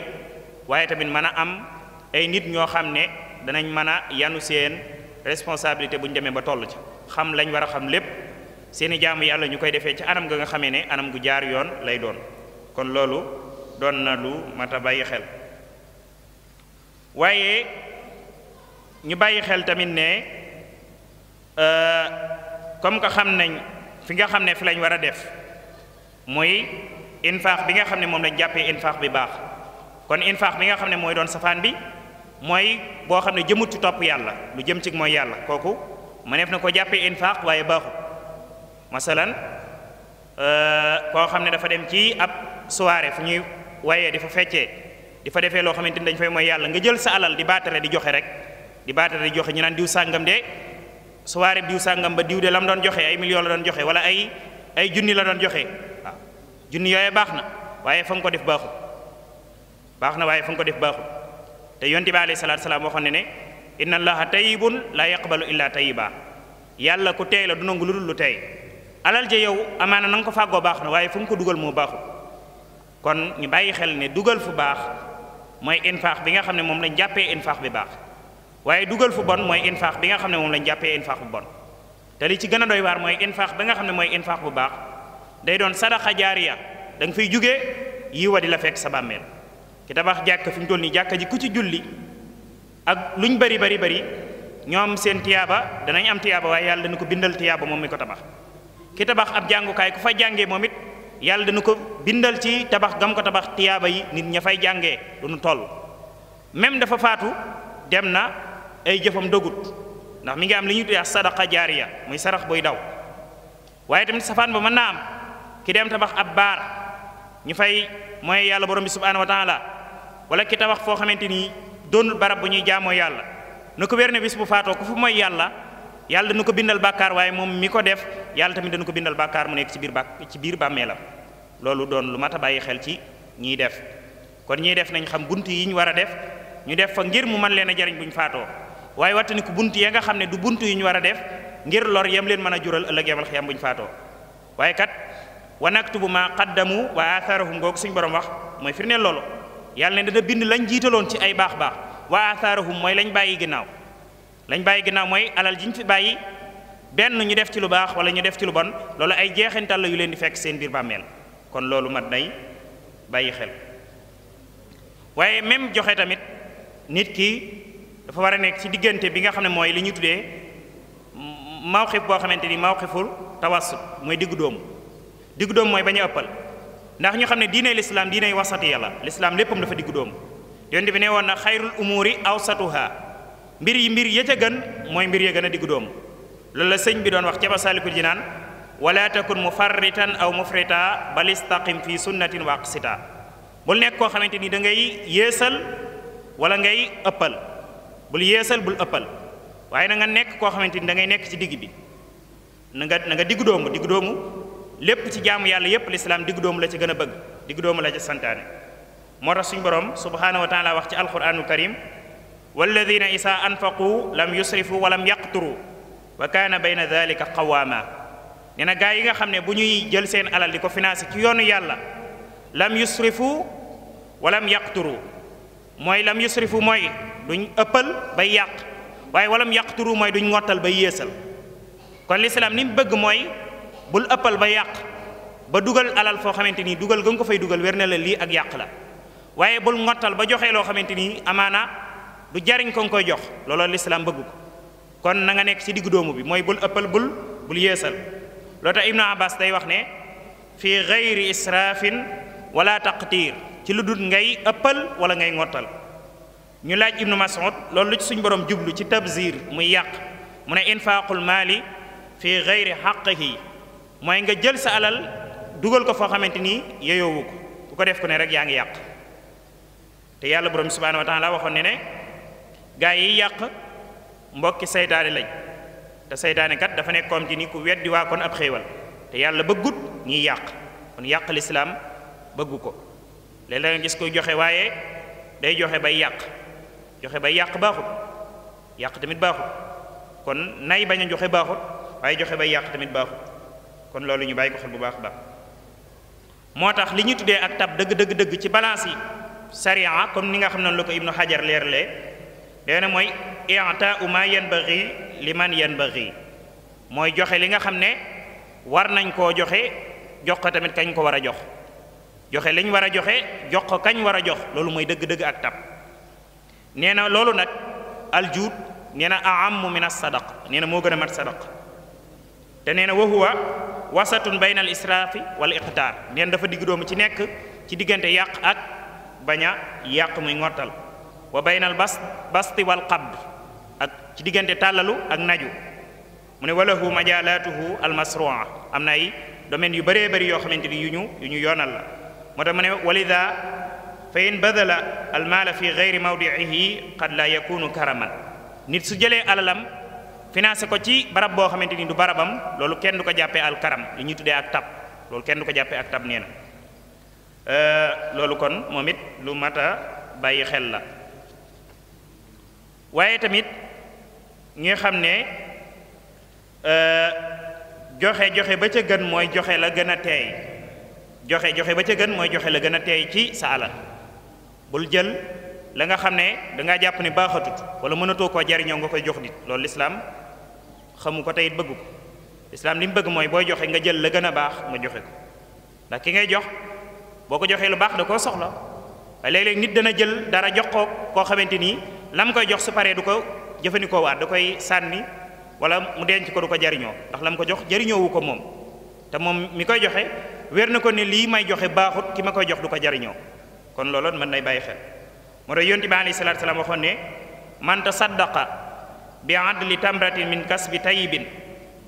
waaye tamit mën a am ay nit ñoo xam ne danañ mën a yanu seen responsabilité bu ñu demee ba toll ci xam lañ war a xam lépp. seeni jaamu yàlla ñu koy defee ci anam ga nga xamee ne anam gu jaar yoon lay doon kon loolu doon na lu mat a bàyyi xel waaye ñu bàyyi xel tamit ne euh, comme que xam nañ fi nga xam ne fi lañ war a def muy infaax bi nga xam ne moom lañ jàppee infaax bi baax kon infaax bi nga xam ne mooy doon safaan bi mooy boo xam ne jëmut ci topp yàlla lu jëm ci mooy yàlla kooku mëneef na ko jàppee infaax waaye baaxut masalan euh, koo xam ne dafa dem ci ab soirée fu ñuy wayee dafa fa dafa defee loo xamante ni dañ fay mooy yàlla nga jël sa alal di baatale di joxe rek di baatale di joxe ñu naan diw sàngam de soirée diw sàngam ba diw de la mu doon joxe ay million la doon joxe wala ay ay junni la doon joxe waaw junni yooye baax na waaye fa nga ko def baaxul baax na waaye fa nga ko def baaxul te yonti bi alayhi salaatu salaam waxoon ne ne inna allaha tayyibun la yaqbalu illa tayyiba yàlla ku teey la du nangu lu dul lu teey alal ja yow amaana na nga ko fàggoo baax na waaye fu nga ko dugal moo baaxul kon ñu bàyyi xel ne dugal fu baax mooy infaax bi nga xam ne moom lañ jàppee infaax bi baax waaye dugal fu bon mooy infaax bi xam ne moom lañ jàppee infaax bu bon te li ci gën a doy waar mooy infaax bi nga xam ne mooy infaax bu baax day doon sadaxa jaariya da nga fiy jóge yi wa di la fekk sa bàmmeel ci tabax jàkk fi ñu toll nii jàkka ji ku ci julli ak lu ñu bari bari bari ñoom seen tiyaaba danañ am tiyaaba waaye yàlla dana ko bindal tiyaaba moom mi ki tabax ab jàngukaay ku fa jàngee moom it yàlla dana ko bindal ci tabax gam ko tabax tiyaaba yi nit ña fay jàngee du nu toll même dafa faatu dem na ay jëfam dogut ndax mi ngi am li ñuy tuddee sadaqa jaariya muy sarax buy daw waaye tamit safaan ba mën naa am ki dem tabax ab baar ñu fay mooy yàlla borom bi subhaanahu wa taala wala ki tabax foo xamante ni doonul barab bu ñuy jaamoo yàlla nu ko wér ne bis bu faatoo ku fu mooy yàlla yàlla dana ko bindal bàkkaar waaye moom mi ko def yàlla tamit dana ko bindal bàkkaar mu nekk ci biir bàkk ci biir bàmmeelam loolu doon lu mat a bàyyi xel ci ñiy def kon ñiy def nañ xam bunt yi ñu war a def ñu def fa ngir mu man leen a jariñ bu ñu faatoo waaye wattani ku bunt ya nga xam ne du bunt yu ñu war a def ngir lor yam leen mën a jural ëllëg yamal xiyam bu ñu faatoo waaye kat wa naktubu ma waa wa athaarahum googu suñu borom wax mooy firneel loolu yàlla ne dana bind lañ jiitaloon ci ay baax baax wa athaarahum mooy lañ bàyyi ginnaaw lañ bàyyi ginnaaw mooy alal ji ñu fi bàyyi benn ñu def ci lu baax wala ñu def ci lu bon loolu ay jeexintal la yu leen di fekk seen biir bàmmeel kon loolu mat nay bàyyi xel waaye même joxe tamit nit ki dafa war a nekk ci diggante bi nga xam ne mooy li ñu tuddee mawxif boo xamante ni mawxiful tawassut mooy diggu doom diggu doom mooy bañ a ëppal ndax ñu xam ne diiney lislaam diiney wasati yàlla lislaam léppam dafa diggu doomu yonent bi ne woon na xayrul mbir yi mbir ya ca gën mooy mbir ya gën a diggu dóomu loolu la sëñ bi doon wax ca Masaalikul Jinaan wala takun mufarritan aw mufrita bal istaqim fi sunnatin wa aqsita bul nekk koo xamante ni da ngay yéesal wala ngay ëppal bul yéesal bul ëppal waaye na nga nekk koo xamante ni da ngay nekk ci digg bi na nga na nga diggu doomu diggu doomu lépp ci jaamu yàlla yépp lislaam diggu doomu la ci gën a bëgg diggu doomu la ca santaane moo tax suñu borom subhaanahu wa taala wax ci alquraanul karim walladina isaa anfaqu lam yusrifu wa lam yaqturu wa kaana bayna dalika qawaama nee na gaa yi nga xam ne bu ñuy jël seen alal di ko financé ci yoonu yàlla lam yusrifu wa lam yaqturu mooy lam yusrifu mooy duñ ëppal bay yàq waaye walam yaqturu mooy duñ ngottal bay yéesal kon lislaam ni mu bëgg mooy bul ëppal ba yàq ba dugal alal foo xamante nii dugal ga nga ko fay dugal wér na la lii ak yàq la waaye bul ngottal ba joxe loo xamante amaana du jariñ ko nga koy jox looloo lislaam bëgg kon na nga nekk ci diggu doomu bi mooy bul ëppal bul bul yéesal loo tax ibnu abbas day wax ne fii gayri israafin wala taqtiir ci lu dul ngay ëppal wala ngay ngottal ñu laaj ibnu mas'ud loolu lu suñ borom jublu ci tabzir muy yàq mu ne infaaqul maali fii gayri xaqihi mooy nga jël sa alal dugal ko foo xamante ni yeyoowu ko ku ko def ku ne rek yaa ngi yàq te yàlla borom subhanahu wa taala waxoon ne gaa yi yàq mbokki saytaane lañ te saytaane kat dafa nekkoon ci ni ku weddi waa kon ab xéewal te yàlla bëggut ñiy yàq kon yàq lislaam bëggu ko léeg la gis koy joxe waaye day joxe bay yàq joxe bay yàq baaxut yàq tamit baaxut kon nay bañ a joxe baaxut waaye joxe bay yàq tamit baaxut kon loolu ñu bàyyi ko xel bu baax a baax moo tax li ñu tuddee ak tab dëgg dëgg dëgg ci balance yi sariya comme ni nga xam ne la ko ibnu xajar leerlee nee na mooy i'taa'u ma yanbaghi liman yanbaghi mooy joxe li nga xam ne war nañ koo joxe jox ko tamit kañ ko war a jox joxe liñ war a joxe jox ko kañ war a jox loolu mooy dëgg-dëgg ak tab nee na loolu nag aljuud nee na aammu min as-sadaq nee na moo gën a mat sadaq te nee na wa huwa wasatun bayna al israfi wal iqtaar nee dafa digg doomu ci nekk ci diggante yàq ak bañ a yàq muy ngottal wa baynal bas basti wal qabd ak ci diggante tàllalu ak naju mu ne walahu majalatuhu al masrua am na ay domaines yu bëree bëri yoo xamante ni yu ñu yu ñu yoonal la moo tax mu ne walida fa in badala al maala fi geyri mawdiihi qad la yakunu karaman nit su jëlee alalam financé ko ci barab boo xamante ni du barabam loolu kenn du ko jàppee al karam li ñuy tuddee ak tab loolu kenn du ko jàppee ak tab nee na euh, loolu kon moom it lu mat a bàyyi xel la waaye tamit ñu xam ne euh, joxe joxe ba ca gën mooy joxe la gën a teey joxe joxe ba ca gën mooy joxe la gën a teey ci sa alal bul jël la nga xam ne dangaa jàpp ne baaxatut wala mënatoo koo jariñoo nga koy jox nit loolu lislaam xamu ko tey bëgg ko lislaam li mu bëgg mooy booy joxe nga jël la gën a baax ma joxe ko ndax ki ngay jox boo ko joxee lu baax da koo soxla waaye léeg-léeg nit dana jël dara jox ko koo xamante nii lam koy jox su paree du ko jëfandikoo waat da koy sànni wala mu denc ko du ko jariñoo ndax lam ko jox jariñoowu ko moom te moom mi koy joxe wér na ko ni lii may joxe baaxut ki ma koy jox du ko jariñoo kon loolu mën nay bàyyi xel moo tax yonent bi alayhi salaatu salaam waxoon ne man tasaddaqa bi adli tamratin min kasbi tayyibin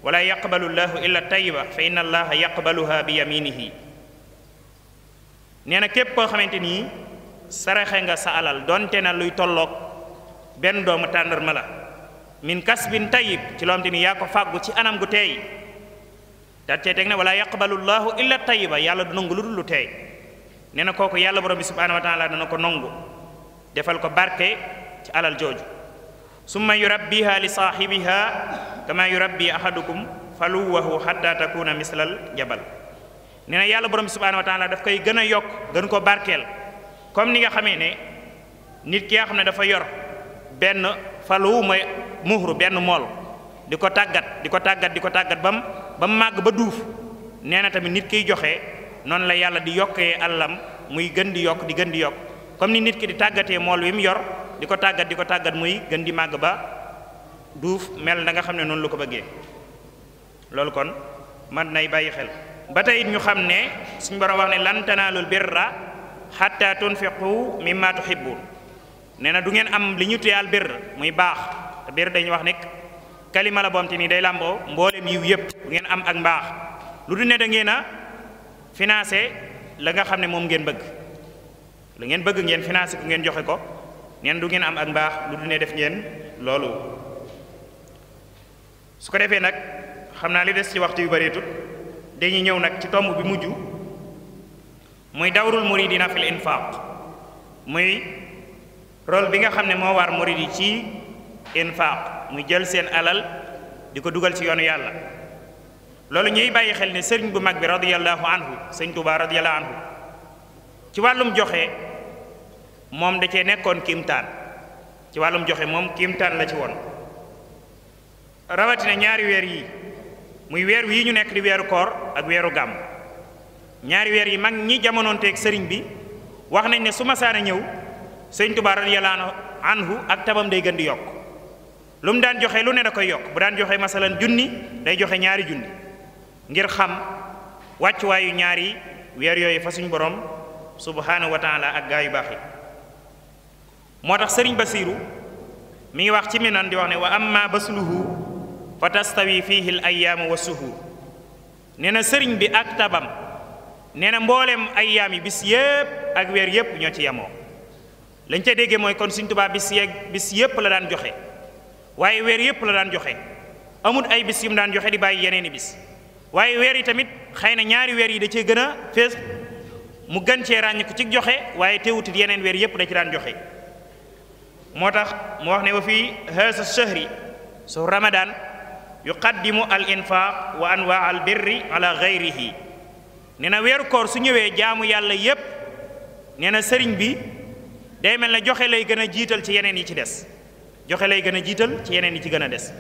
wala yaqbalu llaahu illa tayyiba fa inna allaha yaqbaluha bi yaminihi nee na képp koo xamante nii saraxe nga sa alal donte na luy tolloog benn doomu tàndarma la min kasbin tayyib ci loo xam te ni yaa ko fàggu ci anam gu teey daat cey teg ne wala yaqbalu llaahu illa tayyiba yàlla du nangu lu dul lu teey nee na kooku yàlla borom bi subhaanahu wa dana ko nangu defal ko barke ci alal jooju summa yurabbiha li saahibiha kama yurabbi ahadukum faluwahu hatta takuna mislal jabal nee na yàlla borom bi subhaanahu wa taala daf koy gën a yokk gën ko barkeel comme ni nga xamee ne nit ki nga xam ne dafa yor benn faluwu mooy muhru benn mool di ko tàggat di ko tàggat di ko tàggat ba mu ba mu màgg ba duuf nee na tamit nit kiy joxe noonu la yàlla di yokkee àllam muy gën di yokk di gën di yokk comme ni nit ki di tàggatee mool wi mu yor di ko tàggat di ko tàggat muy gën di màgg ba duuf mel na nga xam ne noonu lu ko bëggee loolu kon man nay bàyyi xel ba tey it ñu xam ne suñu borom wax ne lan tanaalul birra xatta tunfiqu mimma tuhibbun nee na du ngeen am li ñu tuyaal bir muy baax te bir dañuy wax nekk kalima la boom te nii day làmboo mbooleem yiw yépp du ngeen am ak mbaax lu du ne da ngeen a financé la nga xam ne moom ngeen bëgg lu ngeen bëgg ngeen financé ku ngeen joxe ko neen du ngeen am ak mbaax lu du ne def ngeen loolu su ko defee nag xam naa li des ci waxtu yu bareetut dañuy ñëw nag ci tomb bi mujj muy dawrul dina fil infaq muy rôle bi nga xam ne moo war murid yi ci infaq mu jël seen alal di ko dugal ci yoonu yàlla loolu ñuy bàyyi xel ne sëriñ bu mag bi radiyallahu anhu sëñ Tuubaa radiyallahu anhu ci wàllum joxe moom da cee nekkoon kiimtaan ci wàllum joxe moom kiimtaan la ci woon rawatina ñaari weer yi muy weer wii ñu nekk di weeru koor ak weeru gàmm ñaari weer yi mag ñi jamonoonteeg sëriñ bi wax nañ ne su ma saana ñëw sëñ Tuubaa radiyallaahu anhu ak tabam day gën di yokk lu mu daan joxe lu ne da koy yokk bu daan joxe masalan junni day joxe ñaari junni ngir xam wàccuwaayu ñaari weer yooyu fa suñ borom subhaanahu wa taala ak gaa yu baax moo tax sëriñ Basiiru mu ngi wax ci minan di wax ne wa amma basluhu fa tastawi fihi l ayaamu wa suhuur nee na sëriñ bi ak tabam nee na mbooleem ayaam yi bis yépp ak weer yépp ñoo ci yemoo lañ ca déggee mooy kon Sëriñ Tuubaa bis yeeg bis yépp la daan joxe waaye weer yépp la daan joxe amul ay bis yu mu daan joxe di bàyyi yeneeni bis waaye weer yi tamit xëy na ñaari weer yi da cee gën a fees mu gën cee ràññiku ci joxe waaye teewutit yeneen weer yépp da ci daan joxe moo tax mu wax ne wa fii haasa shahri su ramadan yuqaddimu al infaq wa anwaa al birri ala gayrihi nee weeru koor su ñëwee jaamu yàlla yépp nee na sëriñ bi day mel ne joxe lay gën a jiital ci yeneen yi ci des joxe lay gën a jiital ci yeneen yi ci gën a des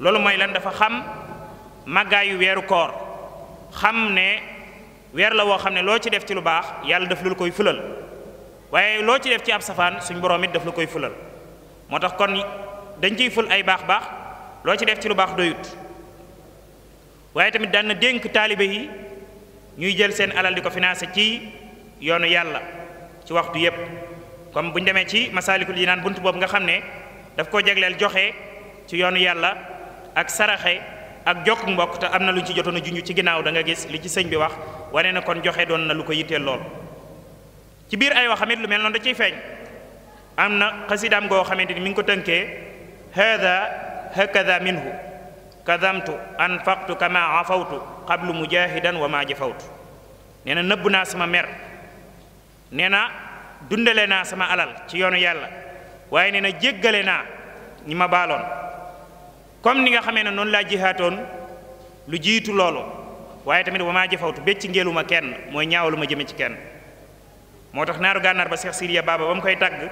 loolu mooy lan dafa xam yu weeru koor xam ne weer la woo xam ne loo ci def ci lu baax yàlla daf lu koy fulal waaye loo ci def ci ab safaan suñ boromit daf la koy fulal moo tax kon dañ ciy ful ay baax baax loo ci def ci lu baax doyut waaye tamit daan na dénk taalibe yi ñuy jël seen alal di ko financé ci yoonu yàlla ci waxtu yépp comme bu ñu demee ci masaalikul jinaan bunt boobu nga xam ne daf koo jagleel joxe ci yoonu yàlla ak saraxe ak jokk mbokk te am na lu ñu ci jotoon a ci ginnaaw danga gis li ci sëñ bi wax wane na kon joxe doon na lu ko yitteel lool. ci biir ay waxamit lu mel noonu da ciy feeñ am na xasidaam goo xamante ni mi ngi ko tënkee hada hakada minhu kadamtu anfaqtu kama afawtu qablu mujahidan wa ma fawtu nee na nëbb naa sama mer nee na dundale naa sama alal ci yoonu yàlla waaye ne na jéggale naa ñi ma baaloon comme ni nga xamee ne noonu laa jihaatoon lu jiitu loolu waaye tamit wa maa jëfawtu bécc ngeeluma kenn mooy ñaawalu ma jëme ci kenn moo tax naaru gànnaar ba seex siriya baaba ba mu koy tàgg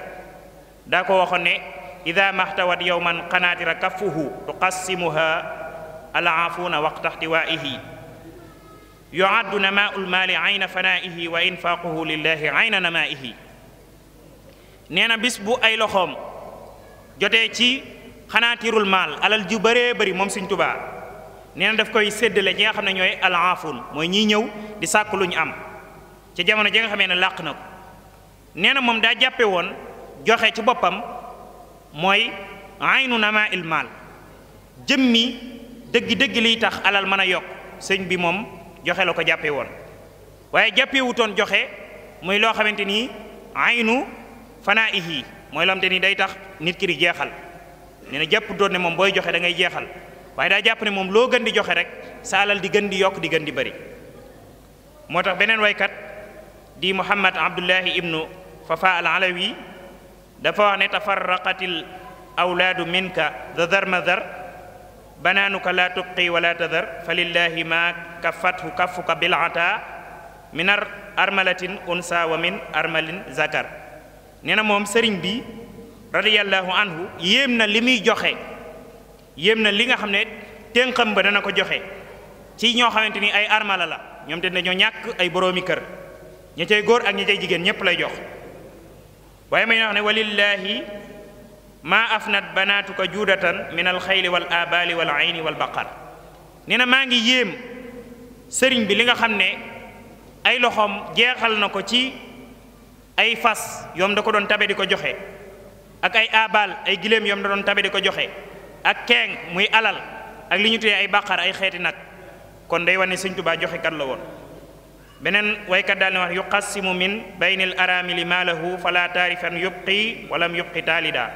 daa ko waxoon ne ida maxtawat yowman qanaatira kafuhu tuqassimuha alaafuuna waqta xtiwaihi yuaddu namaau lmaali ayna fanaihi wa infaaquhu lillahi ayna namaihi nee na bis bu ay loxoom jotee ci xanaatirul maal alal ju bëree bëri moom suñ Tuubaa nee na daf koy séddale ñi nga xam ne ñooy alaafun mooy ñiy ñëw di sàkk lu ñu am ci jamono ji nga xamee ne làq na ko nee na moom daa jàppe woon joxe ci boppam mooy aynu nama il maal jëmmi dëgg-dëgg liy tax alal mën a yokk sëñ bi moom joxe la ko jàppe woon waaye jàppewutoon joxe muy loo xamante ni aynu fanaa ihi mooy lam te day tax nit ki di jeexal nee ne jàpp doon ne moom booy joxe da ngay jeexal waaye daa jàpp ne moom loo gën di joxe rek saalal di gën di yokk di gën di bëri moo tax beneen waykat di muhammad abdullahi ibnu fafa al alawi dafa wax ne tafarraqatil awlaadu minka dadar madar banaanuka laa tubqi wala tadar fa lillahi ma kafathu kafuka bilata min armalatin unsa wa min armalin zakar nee na moom sëriñ bi radiyallahu anhu yéem na li muy joxe yéem na li nga xam ne tënkam ba dana ko joxe ci ñoo xamante ni ay armala la ñoom te dañoo ñàkk ay boroomi kër ña góor ak ña jigéen ñépp lay jox waaye may wax ne walillaahi maa afnat banaatuka juudatan min alxayli wal abaali wal ayni wal baqar nee na maa ngi yéem sëriñ bi li nga xam ne ay loxoom jeexal na ko ci ay fas yoom da ko doon tabe di ko joxe ak ay abal ay giléem yoom da doon tabe di ko joxe ak keeng muy alal ak li ñu tuddee ay bàqar ay xeeti nag kon day wane sëñ Tuubaa joxe kat la woon beneen waykat daal ne wax yuqassimu min baynil aramili maalahu fala taarifan yubqi walam yubqi taalida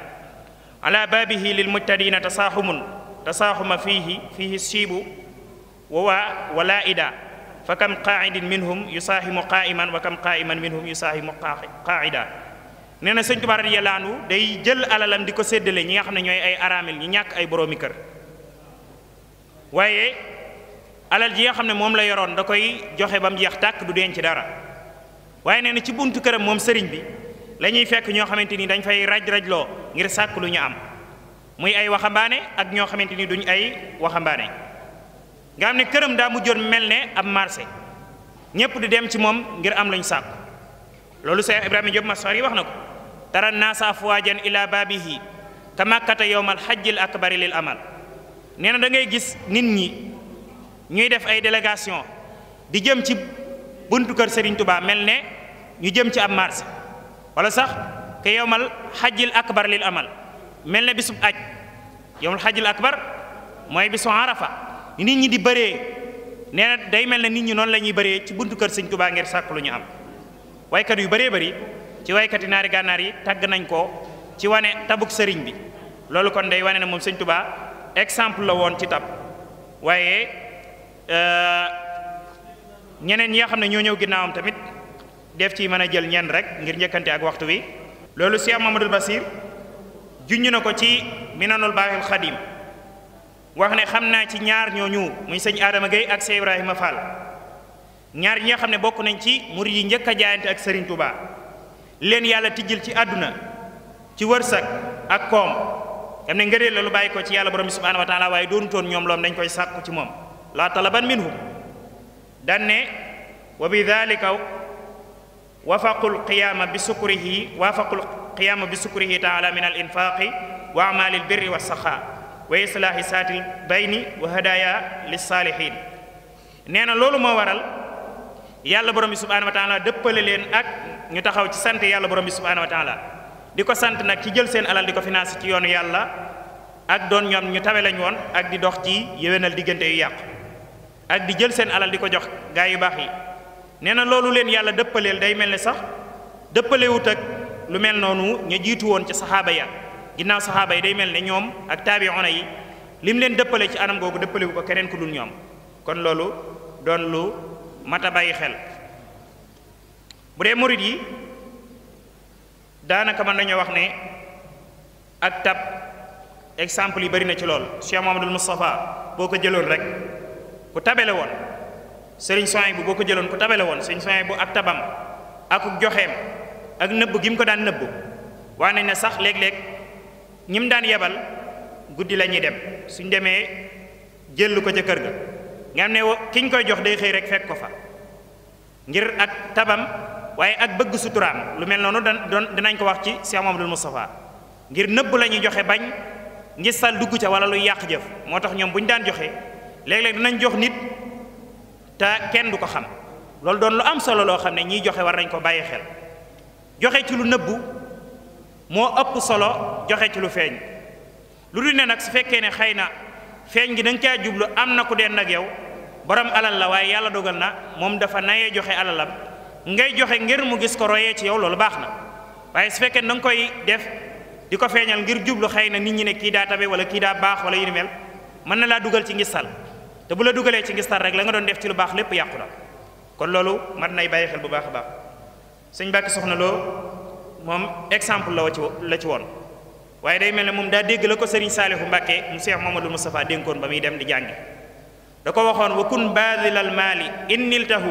ala baabihi lil mujtadina tasaaxumun tasaaxuma fiihi fiihi siibu wa waa wala fa kam qaaidin minhum yusaahimu qaaiman wa kam qaaiman minhum yusaahimu qaaida nee na sëñ Tuubaa radiyallaahu anhu day jël alalam di ko séddale ñi nga xam ne ñooy ay araamil ñi ñàkk ay boroomi kër waaye alal ji nga xam ne moom la yoroon da koy joxe ba mu jeex tàkk du denc dara waaye nee na ci buntu këram moom sëriñ bi lañuy fekk ñoo xamante ni dañ fay raj-rajloo raj ngir sàkk lu ñu am muy ay waxambaane ak ñoo xamante ni duñ ay waxambaane nga ne këram daa mu jot mel ne ab marché ñëpp di dem ci moom ngir am luñ sàkku loolu Seex Ibrahima ma Masari wax na ko tara naasa afwaajan ila baabihi ka màkkata yowmal ak bari lil amal nee na da gis nit ñi ñuy def ay délégation di jëm ci buntu kër Serigne Touba mel ne ñu jëm ci ab marché wala sax ka yowmal xajjil akbar lil amal mel ne bisub aj yowmal xajjil akbar mooy bisu arafa nit ñi di bëree nee day mel ne nit ñi noonu lañuy ñuy bëree ci buntu kër sëñ Tuubaa ngir sàkk lu ñu am waykat yu bëree bëri ci waykati naari gànnaar yi tàgg nañ ko ci wane tabuk sëriñ bi loolu kon day wane ne moom sëñ Tuubaa exemple la woon ci tab waaye euh, ñeneen ñi xam ne ñoo ñëw ginnaawam tamit def ci mën a jël ñenn rek ngir njëkkante ak waxtu wi loolu Cheikh Mamadou Basir junñu na ko ci minanul baaxil xadim wax ne xam naa ci ñaar ñooñu muy sëñ Adama Gueye ak sëñ Ibrahima Fall ñaar ñi nga xam ne bokk nañ ci murid yi njëkk a jaayante ak sëriñ Touba leen yàlla tijjil ci àdduna ci wërsëg ak koom xam ne ngëneel la lu bàyyi ko ci yàlla borom bi subhaanahu wa taala waaye doonutoon ñoom loom dañ koy sàkku ci moom laa talaban minhum dan ne wa bi dalika wafaqul qiyaama bi sukurihi wafaqul qiyaama bi sukurihi taala min al infaaqi wa amalil birri wa saxaa wa islaahi saatil bayni wa hadaaya lissaalihiin nee na loolu moo waral yàlla borom bi subhaana wa dëppale leen ak ñu taxaw ci sant yàlla borom bi subhaana wa di ko sant nag ci jël seen alal di ko financé ci yoonu yàlla ak doon ñoom ñu tawe lañ woon ak di dox ci yéwénal diggante yu yàqu ak di jël seen alal di ko jox gaa yu baax yi nee na loolu leen yàlla dëppaleel day mel ni sax dëppalewut ak lu mel noonu ñu jiitu woon ci saxaaba ya ginnaaw saxaaba yi day mel ne ñoom ak taabiuna yi li mu leen dëppale ci anam googu dëppale wu ko keneen ku dul ñoom kon loolu doon lu mat a bàyyi xel bu dee murit yi daanaka mën nañoo wax ne ak tab exemple yi bari na ci lool Cheikh Mouhamadoul Moustapha boo ko jëloon rek ku tabale woon sëriñ soin bu boo ko jëloon ku tabele woon sëriñ soin bu ak tabam ak joxeem ak nëbb gi mu ko daan nëbb waa nañ ne sax léeg-léeg ñi daan yebal guddi lañuy dem suñ demee jëllu ko ca kër ga nga xam ne ki ñu koy jox day xëy rek fekk ko fa ngir ak tabam waaye ak bëgg suturaan lu mel noonu doon dinañ ko wax ci Cheikh Mamadou Moustapha ngir nëbbu la ñuy joxe bañ ngir sal dugg ca wala lu yàq jëf moo tax ñoom bu ñu daan joxe léeg-léeg dinañ jox nit te kenn du ko xam loolu doon lu am solo loo xam ne ñiy joxe war nañ ko bàyyi xel joxe ci lu nëbbu moo ëpp solo joxe ci lu feeñ lu dul ne nag su fekkee ne xëy na feeñ gi danga caa jublu am na ku den nag yow borom alal la waaye yàlla dogal na moom dafa nayee joxe alalam ngay joxe ngir mu gis ko royee ci yow loolu baax na waaye su fekkee ne da nga koy def di ko feeñal ngir jublu xëy na nit ñi ne kii daa tabe wala kii daa baax wala yu ni mën na laa dugal ci ngistal te bu la dugalee ci ngistal rek la nga doon def ci lu baax lépp yàqu la kon loolu mat nay bu baax a baax moom exemple la ci la ci woon waaye day mel ne moom daa dégg la ko sëriñ saalihu mbàkke mu seex mamadou moustapha denkoon ba muy dem di jàngi da ko waxoon wa kun baadilal maali inniltahu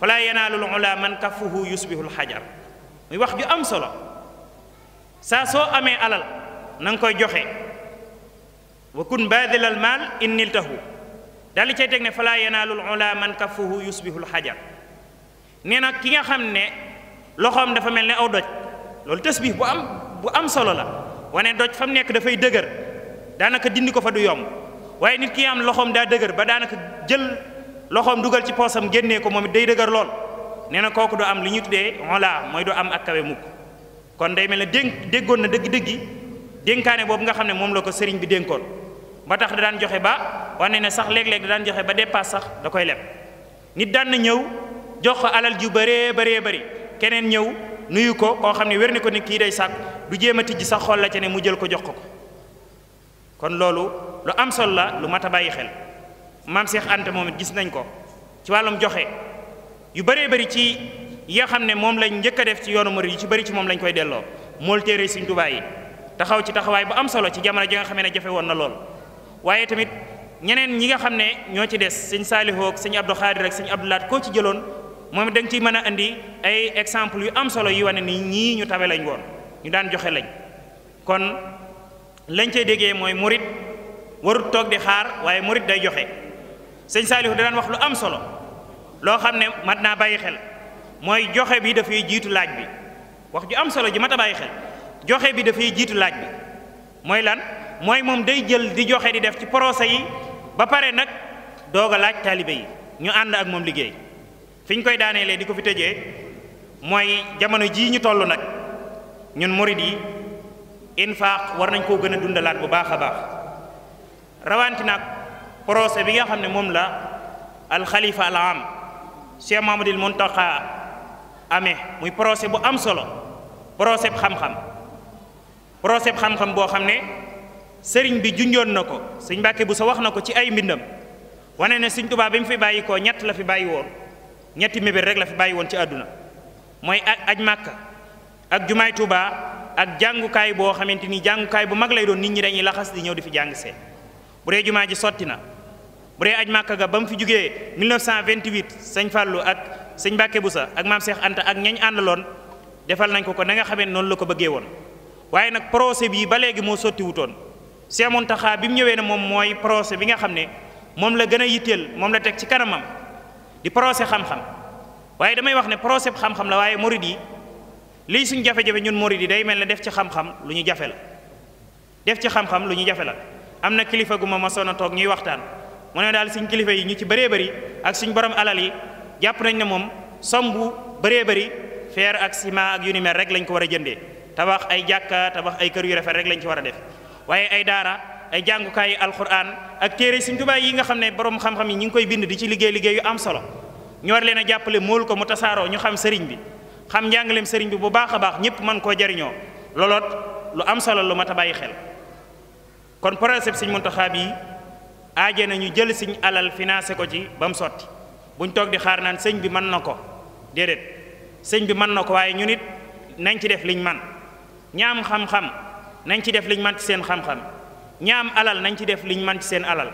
falaa yanaalul ula man kafuhu yusbihul xajar muy wax ju am solo saa soo amee alal koy joxe wa kun baadilal maal inniltahu daldi cay teg ne falaa yanaalul ula man kafuhu yusbihul xajar nee na ki nga xam ne loxoom dafa mel ne aw doj loolu tasbih bu am bu am solo la wane doj fa mu nekk dafay dëgër daanaka dindi ko fa du yomb waaye nit ki am loxoom daa dëgër ba daanaka jël loxoom dugal ci poosam génnee ko moom day dëgër lool nee na kooku du am li ñu tuddee walla mooy du am ak kawe mukk kon day mel ne dénk déggoon na dëgg-dëggi dénkaane boobu nga xam ne moom la ko sëriñ bi dénkoon ba tax da daan joxe ba wane ne sax léeg-léeg da daan joxe ba dépasse sax da koy leb nit daan na ñëw jox ko alal ju bëree bëree bëri keneen ñëw nuyu ko koo xam ne wér ni ko ni kii day sàkk du jéem a tijji sax xol la ca ne mu jël ko jox ko ko kon loolu lu am solo la lu mat a bàyyi xel maam Seex Anta moom it gis nañ ko ci wàllum joxe yu bëree bari ci yaa xam ne moom lañ njëkk a def ci yoonu murid yi ci bëri ci moom lañ koy delloo mool téere Sëriñ Tuubaa yi taxaw ci taxawaay bu am solo ci jamono ji nga xam ne jafe woon na lool waaye tamit ñeneen ñi nga xam ne ñoo ci des sëñ Saalihu ak sëñ Abdou Xaadir ak sëñ Abdou Laat koo ci jëloon moom dañ ciy mën a indi ay exemple yu am solo yu wane nii ñii ñu tabe lañ woon ñu daan joxe lañ kon lañ cay déggee mooy morit warut toog di xaar waaye morit day joxe sëñ Saalihu da daan wax lu am solo loo xam ne mat naa bàyyi xel mooy joxe bi dafay jiitu laaj bi wax ju am solo ji mat a bàyyi xel joxe bi dafay jiitu laaj bi mooy lan mooy moom day jël di joxe di def ci procès yi ba pare nag doog a laaj taalibe yi ñu ànd ak moom liggéey fi ñu koy daaneelee di ko fi tëjee mooy jamono jii ñu toll nag ñun murid yi infaq war nañ koo gën a dundalaat bu baax a baax rawanti nag procès bi nga xam ne moom la alxalifa al am Cheikh Mamadil Muntaqa ame muy procès bu am solo procès xam-xam procès xam-xam boo xam ne sëriñ bi junjoon na ko sëñ Mbàkke bu sa wax na ko ci ay mbindam wane ne suñ tubaab bi mu fi bàyyi koo ñett la fi bàyyi woon ñetti mébét rek la fi bàyyi woon ci àdduna mooy aj màkk ak jumaay Tuubaa ak jàngukaay boo xamante ni jàngukaay bu mag lay doon nit ñi dañuy laxas di ñëw di fi jàng see bu dee jumaa ji sotti na bu dee aj màkka ga ba mu fi jógee 1928 sëñ Fallou ak sëñ Mbàkke sax ak maam Cheikh Anta ak ñañ àndaloon defal nañ ko ko na nga xamee noonu la ko bëggee woon waaye nag procès bii ba léegi moo sottiwutoon wutoon Cheikh Mountakha bi mu ñëwee na moom mooy procès bi nga xam ne moom la gën a yitteel moom la teg ci kanamam di procès xam-xam waaye damay wax ne procès xam-xam la waaye murid yi lii suñ jafe-jafe ñun murid yi day mel na def ci xam-xam lu ñu jafe la def ci xam-xam lu ñu jafe la am na kilifa gu ma masoon a toog ñuy waxtaan mu ne daal suñ kilifa yi ñu ci bëree bari ak suñ borom alal yi jàpp nañ ne moom som bu bëree bëri fer ak ciment ak yu ni mel rek lañ ko war a jëndee tabax ay jàkka tabax ay kër yu rafet rek lañ ci war a def waaye ay daara ay jàngukaay jàngukaayu alquran ak téere Sëriñ Tuubaa yi nga xam ne borom xam-xam yi ñu ngi koy bind di ci liggéey liggéey yu am solo ñu war leen a jàppale mool ko mu tasaaroo ñu xam sëriñ bi xam njàngaleem sëriñ bi bu baax a baax ñëpp man koo jariñoo looloot lu am solo lu mat a bàyyi xel kon projet Sëriñ Muntaxaa bi aaje na ñu jël suñ alal financé ko ci ba mu sotti buñ toog di xaar naan sëñ bi mën na ko déedéet sëñ bi mën na ko waaye ñun it nañ ci def liñ man ñaam xam-xam ci def liñ man ci seen xam ñaam alal nañ ci def liñ man ci seen alal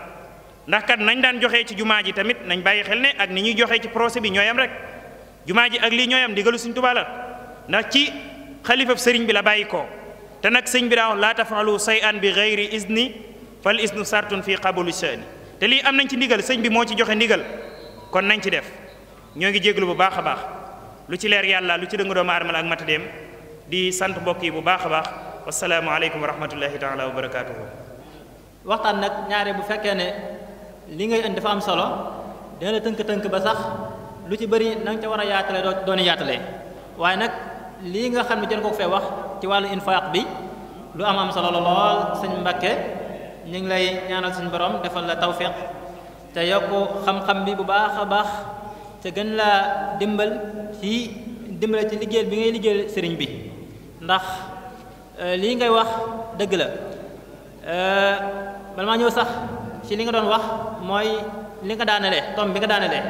ndax kat nañ daan joxe ci jumaa ji tamit nañ bàyyi xel ne ak ni ñuy joxee ci procès bi ñooyam rek jumaa ji ak lii ñooyam digalu suñ Tuubaa la ndax ci xalifab sëriñ bi la bàyyi ko te nag sëñ bi daa wax laa tafalu sayan bi gayri isni fal isnu sartun fii qabulu shani te lii am nañ ci ndigal sëñ bi moo ci joxe ndigal kon nañ ci def ñoo ngi jéglu bu baax a baax lu ci leer yàlla lu ci dënga doomu aadama ak matadeem di sant mbokk yi bu baax a baax wasalaamu aleykum wa rahmatullahi taala wa barakatuhu waxtaan nag ñaare bu fekkee ne li ngay indi dafa am solo dina la tënk-tënk ba sax lu ci bari na ca war a yaatale doo doon yaatale waaye nag lii nga xam ne jën ko fee wax ci wàllu infaq bi lu am am solo lool sëñ Mbàkke ñu ngi lay ñaanal suñu borom defal la tawfiq te yokk xam-xam bi bu baax a baax te gën laa dimbal ci dimbale ci liggéeyal bi ngay liggéeyal sëriñ bi ndax eh, lii ngay wax dëgg la eh, bala maa ñëw sax ci li nga doon wax mooy li nga daanelee tom bi nga daanelee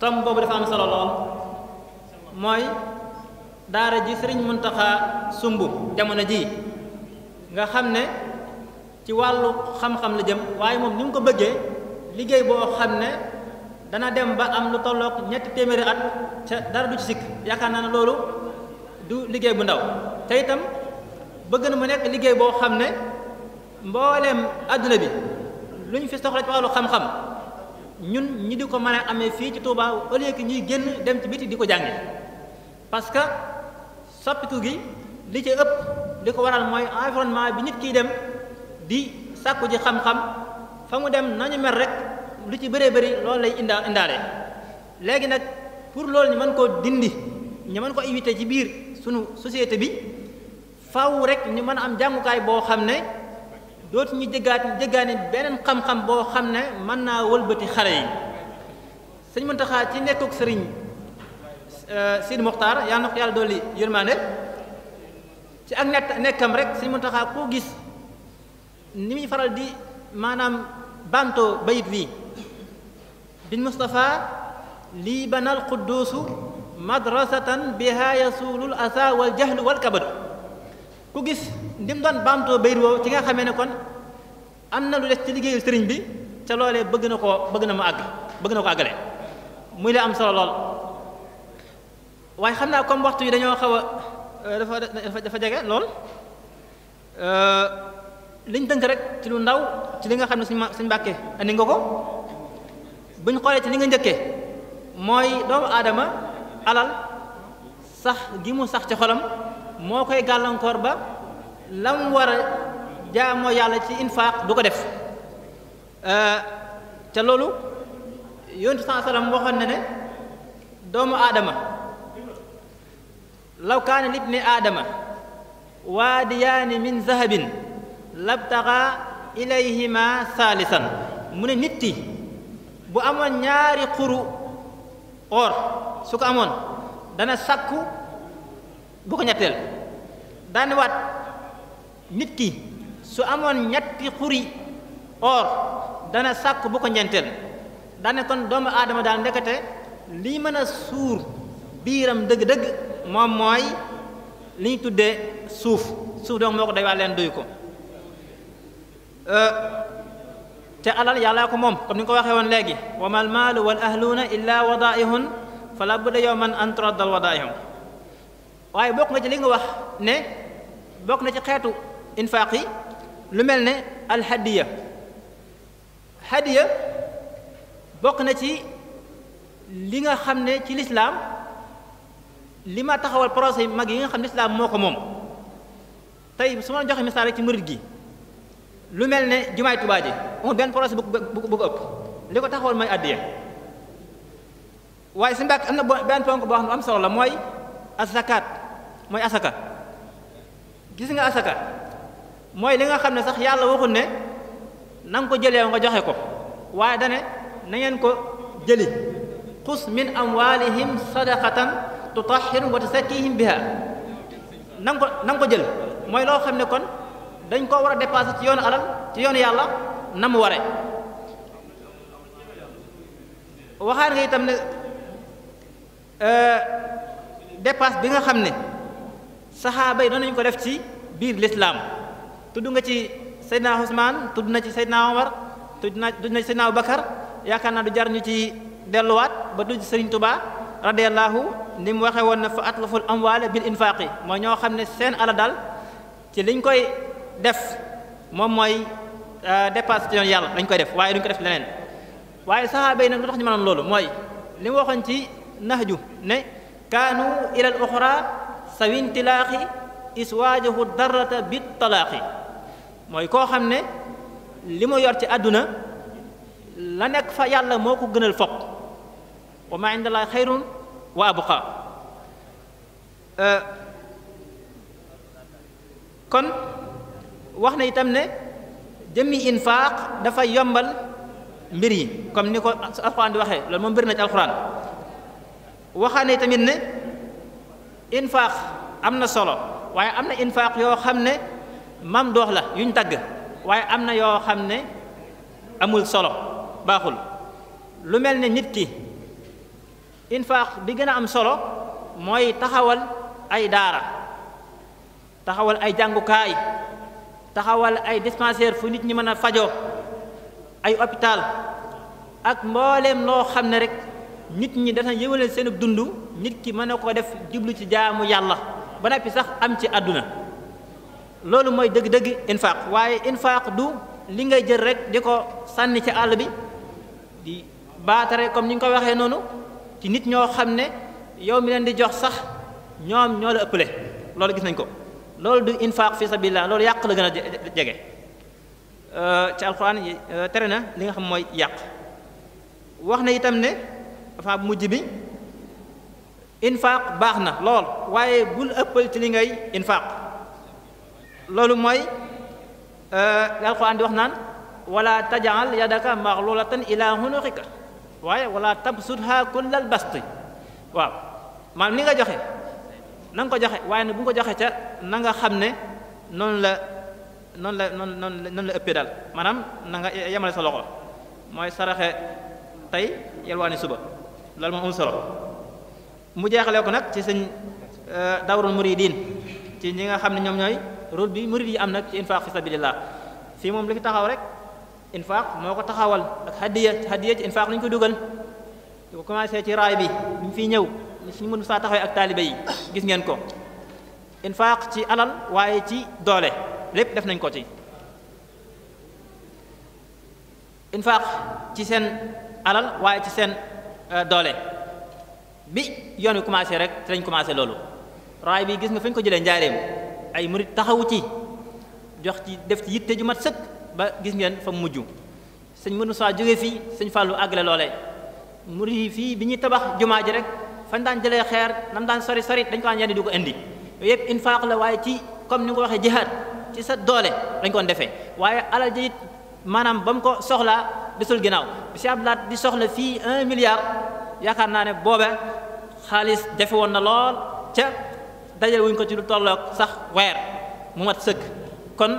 tom boobu dafa am solo lool mooy daara ji sëriñ Muntaxa sumb jamono ji nga xam ne ci wàllu xam-xam la jëm waaye moom ni mu ko bëggee liggéey boo xam ne dana dem ba am lu tolloog ñetti téeméeri at ca dara du ci sikk yaakaar naa ne loolu du liggéey bu ndaw te itam bëgg na mu nekk liggéey boo xam ne mbooleem àdduna bi lu ñu fi soxla ci wàllu xam-xam ñun ñi di ko mën a amee fii ci Touba au lieu que ñuy génn dem ci biti di ko jànge parce que soppiku gi li ci ëpp li ko waral mooy environnement bi nit kiy dem di sàkku ji xam-xam fa mu dem nañu mel rek lu ci bëree bëri loolu lay indaa indaale léegi nag pour loolu ñu mën ko dindi ñu mën ko éviter ci biir sunu société bi faw rek ñu mën a am jàngukaay boo xam ne dootu ñu déggaat déggaani beneen xam-xam boo xam ne mën naa wëlbati xale yi sëñ taxaa ci nekkuk sëriñ euh, Sidi Mokhtar yàlla na ko yàlla dolli yërmande ci ak nekk nekkam rek sëñ taxaa koo gis ni muy faral di maanaam bantoo bayit wi bin Mustafa lii banal qudduusu madrasatan biha yasuulul asa wal jahlu wal kabadu ku gis ni mu doon baamtoo bayit ci nga xamee ne kon am na lu des ci liggéeyu sëriñ bi ca loolee bëgg na koo bëgg na mu àgg bëgg na ko àggale muy la am solo lool waaye xam naa comme waxtu yi dañoo xaw a euh, dafa dafa jege lool euh, liñ dënk rek ci lu ndaw ci li nga xam ne suñ suñ mbàkkee ni nga ko buñ xoolee ci li nga njëkkee mooy doomu aadama alal sax gi mu sax ci xolam moo koy gàllankoor ba lam war a jaamoo yàlla ci infaaq du ko def euh, te loolu yontu saa salaam waxoon na ne doomu aadama law kaana libni aadama waadiyaani min zahabin labtaxa ilayhima saalisan mu ne nit bu amoon ñaari xuru or su ko amoon dana sakku bu ko ñetteel daane waat nit ki su amoon ñetti xuri or dana sàkk bu ko ñeenteel daane kon doomu aadama daal ndekete li mën a suur biiram dëgg-dëgg moom mooy li ñu tuddee suuf suuf donc moo ko day waa leen duy ko euh, te alal yàllaa ko moom kon ni ko waxee woon léegi wa mal maalu wal ahluuna illa wadaihun fala budda yawman an turaddal wadaihum waaye bokk na ci li nga wax ne bokk na ci xeetu infaaq yi lu mel ne alhadiya hadiya bokk na ci li nga xam ne ci lislaam li ma taxawal procès yu mag yi nga xam ne lislaam moo ko moom tey su ma joxe misaal rek ci murid gi lu mel ne jumaay Tuubaa ji amul benn procès bu bu ko ëpp li ko taxawal mooy addiya waaye si mbàkk am na benn ponk boo xam ne am solo la mooy azakaat mooy asaka gis nga asaka mooy li nga xam ne sax yàlla waxul ne na nga ko jëlee nga joxe ko waaye dane na ngeen ko jëli xus min amwalihim sadaqatan tutahhirum wa tusakkihim biha na nga ko na ko jël mooy loo xam ne kon dañ koo war a dépasser ci yoonu alal ci yoonu yàlla na mu ware waxaar nga itam ne euh, dépasse bi nga xam ne saxaaba yi doon nañu ko def ci biir lislaam tudd nga ci Seydina Ousmane tudd na ci Seydina Omar tudd na tudd na ci Seydina Abubakar yaakaar naa du jar ñu ci delluwaat ba tudd Sëriñ Tuubaa radiyallahu ni mu waxee woon na fa atlaful amwaale bil infaaqi mooy ñoo xam ne seen ala daal ci liñ koy def moom mooy euh, dépasse ci yoon yàlla lañ koy def waaye duñ ko def leneen waaye saxaaba yi nag lu tax ñu mënoon loolu mooy li mu waxoon ci nax ne kaanu ila al oxra sawintilaaxi iswaajahu darrata bi talaaxi mooy koo xam ne li mu yor ci àdduna la nekk fa yàlla moo ko gënal fopp wa ma indallaah xayrun wa abqa kon wax na itam ne jëmmi infaaq dafa yombal mbir yi comme ni ko alxuraan di waxee loolu moom mbir na ci alxuraan waxaane tamit ne infaq am na solo waaye am na infaq yoo xam ne maam doox la yuñ tagg waaye am na yoo xam ne amul solo baaxul lu mel ne nit ki infaq bi gën a am solo mooy taxawal ay daara taxawal ay jàngukaay taxawal ay dispensaire fu nit ñi mën a fajo ay hôpital ak mbooleem loo xam ne rek nit ñi dana yëwaleel seen dund nit ki mën na koo def jublu ci jaamu yàlla ba noppi sax am ci àdduna loolu mooy dëgg-dëgg infaaq waaye infaaq du li nga jël rek di ko sànni ci àll bi di baatare comme ni nga koy waxee noonu ci nit ñoo xam ne yow mi leen di jox sax ñoom ñoo la ëppale loolu gis nañ ko loolu du infaaq fi sabilillah loolu yàq la gën a jege euh, ci alquran euh, tere na li nga xam mooy yàq wax na itam ne dafa mujj bi infaaq baax na lool waaye bul ëppal ci li ngay infaaq loolu mooy euh, alquran di wax naan wala tajal yadaka maxlulatan ila xunuqika waaye wala tabsutha dal basti waaw maanaam li nga joxe na ko joxe waaye bu ko joxe ca na xam ne noonu la noonu la noonu noonu noonu la ëppee daal maanaam nanga nga sa loxo mooy saraxe tey yelwaani suba loolu moom am mu jeexalee ko nag ci sëñ euh, dawrul muridin ci ñi nga xam ne ñoom ñooy rôle bi murid yi am nag ci infaq fi sabilillah fii moom li fi taxaw rek infaq moo ko taxawal ak hadiya ci infaq lañ ko dugal di commencé ci raay bi ñu ñëw suñu mën saa taxawee ak taalibe yi gis ngeen ko infaq ci alal waaye ci doole lépp def nañ ko ci infaq ci seen alal waaye ci seen Euh, doole bi yoon wi commencé rek ci lañ commencé loolu raay bi gis nga fañ ko jëlee njaareem ay murit taxawu ci jox ci def ci yitte te mat sëkk ba gis ngeen fa mu mujj sëñ mënu saa jóge fii sëñ fàllu àggale loole murit yi fii bi ñuy tabax jumaa ji rek fañ daan jëlee xeer nam daan sori sori dañ ko daan yandi du ko indi yooyu yëpp infaq la waaye ci comme ni nga ko waxee jihaad ci sa doole dañ koon defee waaye alal ji maanaam ba mu ko soxlaa desul ginnaaw bi Cheikh di soxla fii un milliard yaakaar naa ne boobe xaalis jafe woon na lool ca dajale wuñ ko ci lu tolloog sax weer mu mat sëkk kon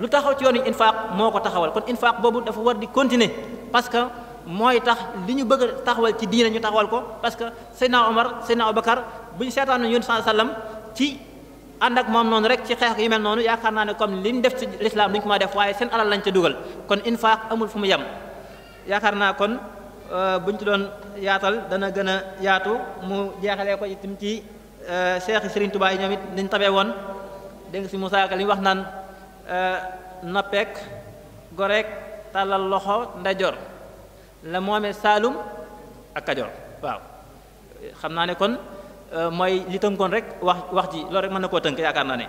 lu taxaw ci yoonu infaaq moo ko taxawal kon infaaq boobu dafa war di continuer parce que mooy tax li ñu bëgg taxawal ci diine ñu taxawal ko parce que Seydina Omar Seydina Abubakar bu ñu seetaanoon yoon sallam ci ànd ak moom noonu rek ci xeex yu mel noonu yaakaar naa ne comme li ñu def ci lislaam duñ ko ma def waaye seen alal lañ ca dugal kon infaaq amul fu mu yem yaakaar naa kon euh, buñ ci doon yaatal dana gën a yaatu mu jeexalee ko itam ci seexi sëriñ Tuubaa yi ñoom it dañ tabee woon dégg nga si Musaa Ka li wax naan euh, nappeek goreek tàllal loxo ndajoor la moomee Saalum ak Kajoor waaw xam naa ne kon euh, mooy li tënkoon rek wax wax ji loolu rek mën na koo tënk yaakaar naa ne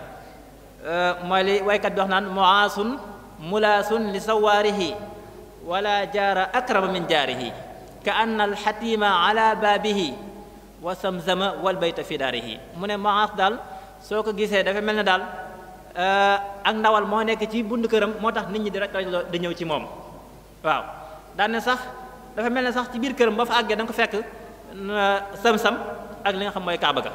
mooy li waykat bi wax naan moasun mulaasun li sawaarihi wala jaara akrama min jaarihi ka anna alxatima ala baabihi wa samzama wal bayta fi daarihi mu ne maas daal soo ko gisee dafa mel ne daal eh, ak ndawal moo nekk ci bund këram moo tax nit ñi di rek di ñëw ci moom waaw daan ne sax dafa mel ne sax ci biir këram ba fa àggee da ko fekk eh, sam-sam ak li nga xam mooy kaaba ga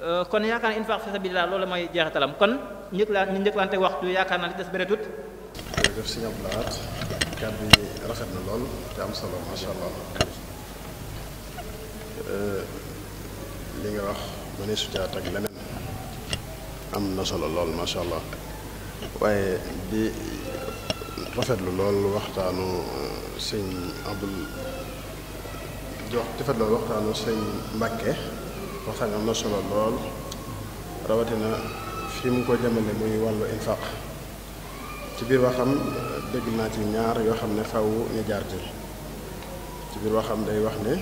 eh, kon yaakaar na infaq fi sabilillah loolu mooy jeexatalam kon njëkk laa ñu njëkkalante waxtu yaakaar naa li des bëreetut jërëjëf sëñ kàddu yi rafet na lool te am solo macha allah euh, li nga wax mu ne sutaat ak leneen am na solo lool macha allah waaye di rafetlu lool waxtaanu euh, sëñ Abdul di wax rafet loolu waxtaanu sëñ Mbàkke waxtaan am na solo lool rawatina fi mu ko jëmale muy wàllu infaq ci biir waxam dégg naa ci ñaar yoo xam ne faw ñu jaar ci ci biir waxam day wax ne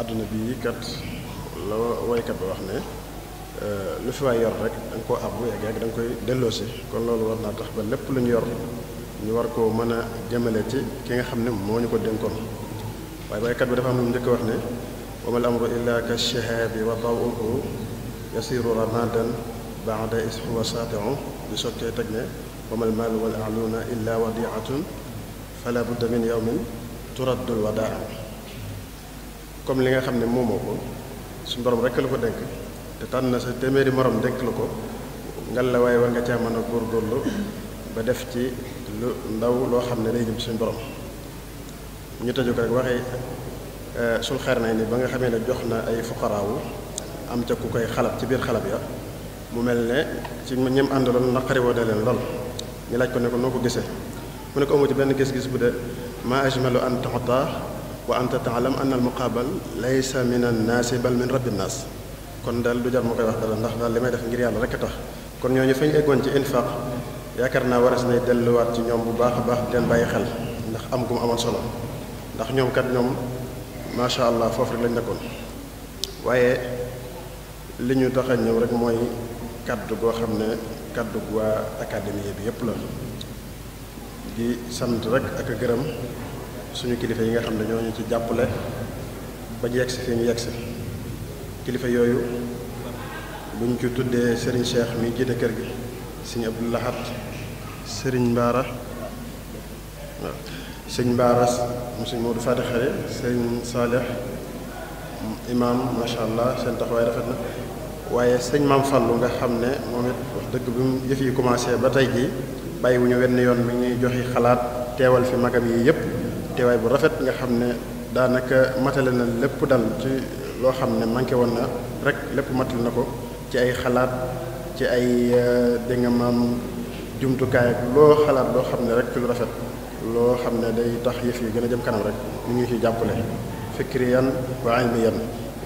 àdduna bi kat la woykat ba wax ne euh, lu fi waay yor rek da nga koo ab bu yegg yegg da nga koy delloosi kon loolu war naa tax ba lépp lu ñu yor ñu war koo mën a jëmale ci ki nga xam ne moo ñu ko dénkoon waaye woykat bi dafa am lu njëkk wax ne wamal amru illa ka shihaabi wa dawuhu yasiru ramadan baada isxuwa saatiu di sottee teg ne wa mal maalu wal a'luuna illaa wadiatun fala budda min yawmin turaddul wadaa comme li nga xam ne moomoo ko suñu borom rekk la ko dénk te tànn na sa téeméeri morom dénk la ko ngal la waaye war nga caa mën a góorgóorlu ba def ci lu ndaw loo xam ne day jëm suñu borom ñu tëju ko rek waxee eh, sul xeer nañ ni ba nga xamee ne jox na ay fuqaraawu am ca ku koy xalab ci biir xalab ya mu mel ne ci ñem àndaloon naqari woo da leen lool ñu laaj ko ne noo ko gisee mu ne ko amu ci benn gis-gis bu de ma ajmalu an tuta wa anta taalam anna al muqabal laysa min an naasi bal min rabbi naas kon daal du jar ma koy wax dara ndax daal li may def ngir yàlla rek a tax kon ñooñu fañ eggoon ci infaq yaakaar naa waras nay delluwaat ci ñoom bu baax baax di leen bàyyi xel ndax am gu mu amoon solo ndax ñoom kat ñoom macha allah foofu rek lañ nekkoon waaye li ñu tax ñëw rek mooy kàddu goo ne kàddu waa académie bi yëpp la di sant rek ak a gërëm suñu kilifa yi nga xam ne ñoo ñu ci jàppale ba ñu yegsi fi ñu yegsi kilifa yooyu buñ ci tuddee Serigne Cheikh mi jiite kër gi Serigne Abdou Lahad Serigne Mbaara waaw Mbaara mu Serigne Modou Fati Xare Serigne Saalih imaam macha allah seen taxawaay rafet na waaye sëñ maam Fallou nga xam ne moom it dëkk bi mu yëf yi commencé ba tey jii bàyyiwuñu wenn yoon mi ngi joxe xalaat teewal fi magam yii yëpp teewaay bu rafet nga xam ne daanaka matale na lépp dal ci loo xam ne manqué woon na rek lépp matale na ko ci ay xalaat ci ay euh, dégg nga maam jumtukaay ak loo xalaat loo xam ne rek ci lu rafet loo xam ne day tax yëf yi gën a jëm kanam rek mu ngi ciy jàppale fikriyan wa ilmiyan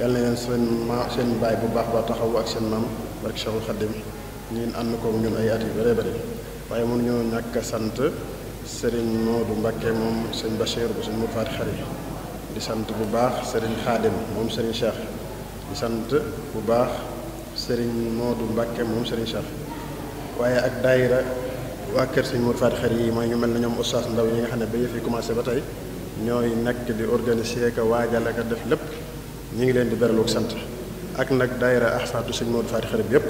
yàlla na leen seen ma seen baay bu baax ba taxaw ak seen maam barke Cheikhul Khadim ñun ànd koog ñun ay at yu bëree bëri waaye mënuñoo ñàkk a sant seriñ Modou Mbakke moom sëñ Bachir bu sëñ Modou Faty Khary di sant bu baax sëriñ Xaadim moom sëriñ di sant bu baax sëriñ Modou Mbakke moom sëriñ Cheikh waaye ak daayira waa kër sëñ Modou Faty Khary yi mooy ñu mel na ñoom ustaas ndaw ñi nga xam ne ba yëf yi commencé ba tey ñooy nekk di organiser ka waajal ak def lépp ñu ngi leen di beraloog sant ak nag daayira ahfaadu sëñ Modou Faty Khary bi yëpp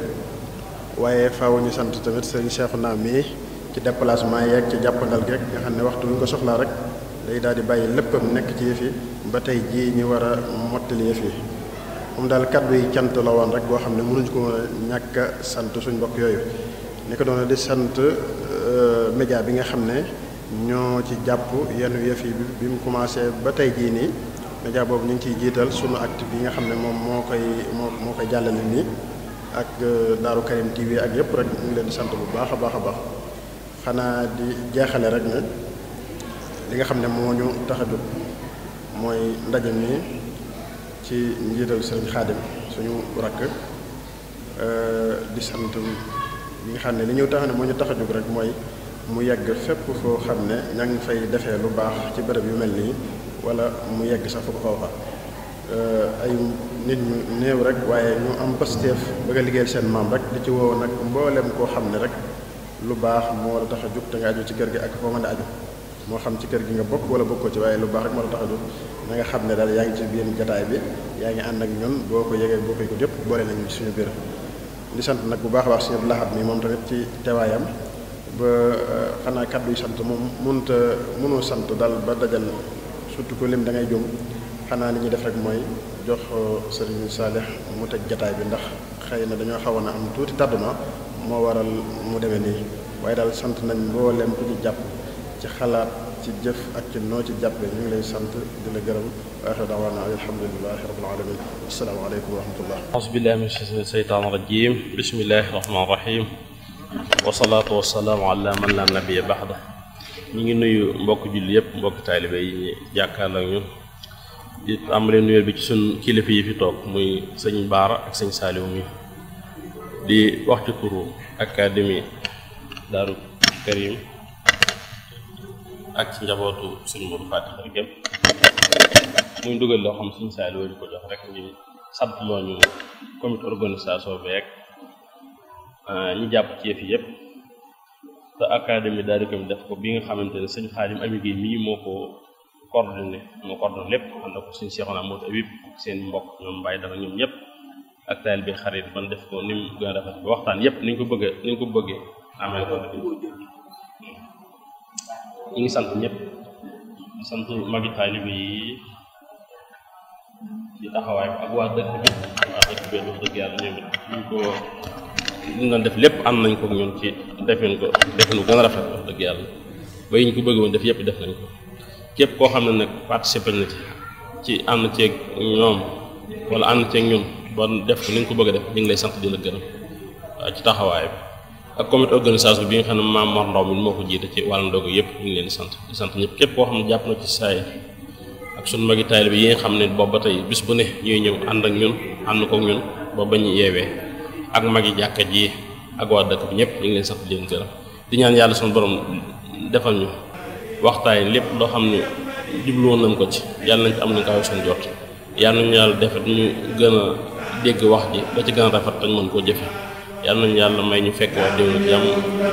waaye faaw ñu sant tamit sëriñ naa mii ci déplacement yeeg ci jàppandal gi nga xam ne waxtu bu ñu ko soxlaa rek day daal di bàyyi léppam nekk ci yëf yi ba tey jii ñu war a mottali yëf yi moom daal kaddu cant la woon rek boo xam ne mënuñu ko ñàkk sant suñu mbokk yooyu ni ko doon di sant euh, média bi nga xam ne ñoo ci jàpp yenn yëf yi bi mu commencé ba tey jii nii média boobu ñu ngi ciy jiital sunu active bi nga xam ne moom moo koy moo moo koy jàllale ak euh, Daaru Karim TV ak yëpp rek ñu ngi leen di sant bu baax a baax a baax xanaa di jeexale rek ne li nga xam ne moo ñu tax jóg mooy ndaje mi ci njiital sëriñ Xaadim suñu rakk euh, di sant ñi nga xam ne li ñu tax moo ñu tax rek mooy mu yegg fépp foo xam ne ña ngi fay defee lu baax ci bërëb yu mel nii wala mu yegg sax fu ko foofa euh, ay nit ñu néew rek waaye ñu am pasteef bëgg a liggéeyal seen maam rek di ci woo nag mboolem koo xam ne rek lu baax moo la tax a jug te nga aju ci kër gi ak foo man a aju moo xam ci kër gi nga bokk wala bokkoo ci waaye lu baax rek moo la tax a jug na nga xam ne daal yaa ngi ci biir jataay bi yaa ngi ànd ak ñun boo ko yegee boo koy ko yëpp boole nañu ci suñu biir li sant nag bu baax a baax sëñ Abdou Lahad mi moom tamit ci teewaayam ba eh, xanaa kàddu yi sant moom mënut a mënoo sant daal ba dajal surtout ko lim da ngay xanaa li ñuy def rek mooy jox uh, Serigne Saalix mu teg jataay bi ndax xëy na dañoo xawoon a am tuuti tardement moo waral mu demee nii waaye daal sant nañ mboolem ku ci jàpp ci xalaat ci jëf ak ci noo ci jàppee ñu ngi lay sant di la gërëm waaxir daawaana an alhamdulilahi rabbil alamin asalaamaaleykum wa rahmatullah aousubillahi min seytaan rajim bismillahi rahmaan rahim wasalaatu wasalaamu ala man la nabiya baxda ñu ngi nuyu mbokk julli yëpp mbokk taalibe yi jàkkaarloo ñun di tàmbali nuyoo bi ci sun kilifa yi fi toog muy sëñ Baara ak sëñ Saaliw mi di wax ci turu académie Daaru Karim ak ci njabootu suñ Modu Fatick ak yëpp muy dugal loo xam sëñ Saaliw di ko ñu euh, jàpp ci yëpp te académie Daaru Karim def ko bi moo ko coordonné mu lépp ànd ko suñu seen mbokk ñoom dara ñoom ñëpp ak bi xarit def ko ni rafet ba yëpp ni ko bëggee ni ko bëggee ngi sant ñëpp di sant bi waa dëkk bi yàlla ñoom it def lépp am nañ ko ñun ci defin ko defin ko gën a rafet wax dëgg yàlla ba yi ñu ko bëgg woon def yëpp def nañ ko. képp koo xam ne nag participé na ci ci ànd ceeg ñoom wala ànd ceeg ñun ba def ko ni nga ko bëgg a def ñu ngi lay sant di la gërëm taxawaay bi ak comité organisation bi nga xam ne maam Mor Ndaw mi moo ko jiite ci wàllum ndogu yëpp ñu ngi leen di sant di sant ñëpp képp koo xam ne jàpp na ci saay ak sunu magi taalibe bi yi nga xam ne boobu ba tey bis bu ne ñuy ñëw ànd ak ñun ànd kook ñun ba ñu yeewee ak magi jàkka ji ak waa dëkk bi ñëpp ñu ngi leen sant di leen gërëm di ñaan yàlla sunu borom defal ñu. waxtaay lépp loo xam ne jublu nañ ko ci yàlla nañ ci am nañ ko seen jot yàlla nañu yàlla defet ñu gën a dégg wax ji ba ci gën a rafet tañ mën koo jëfe yàlla nañu yàlla may ñu fekk wax déwén ak jàmm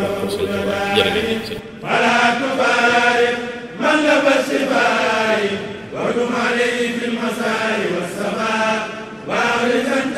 wax ko seen man la ba sibaay wa dum alayhi fi lmasaari wa sabaa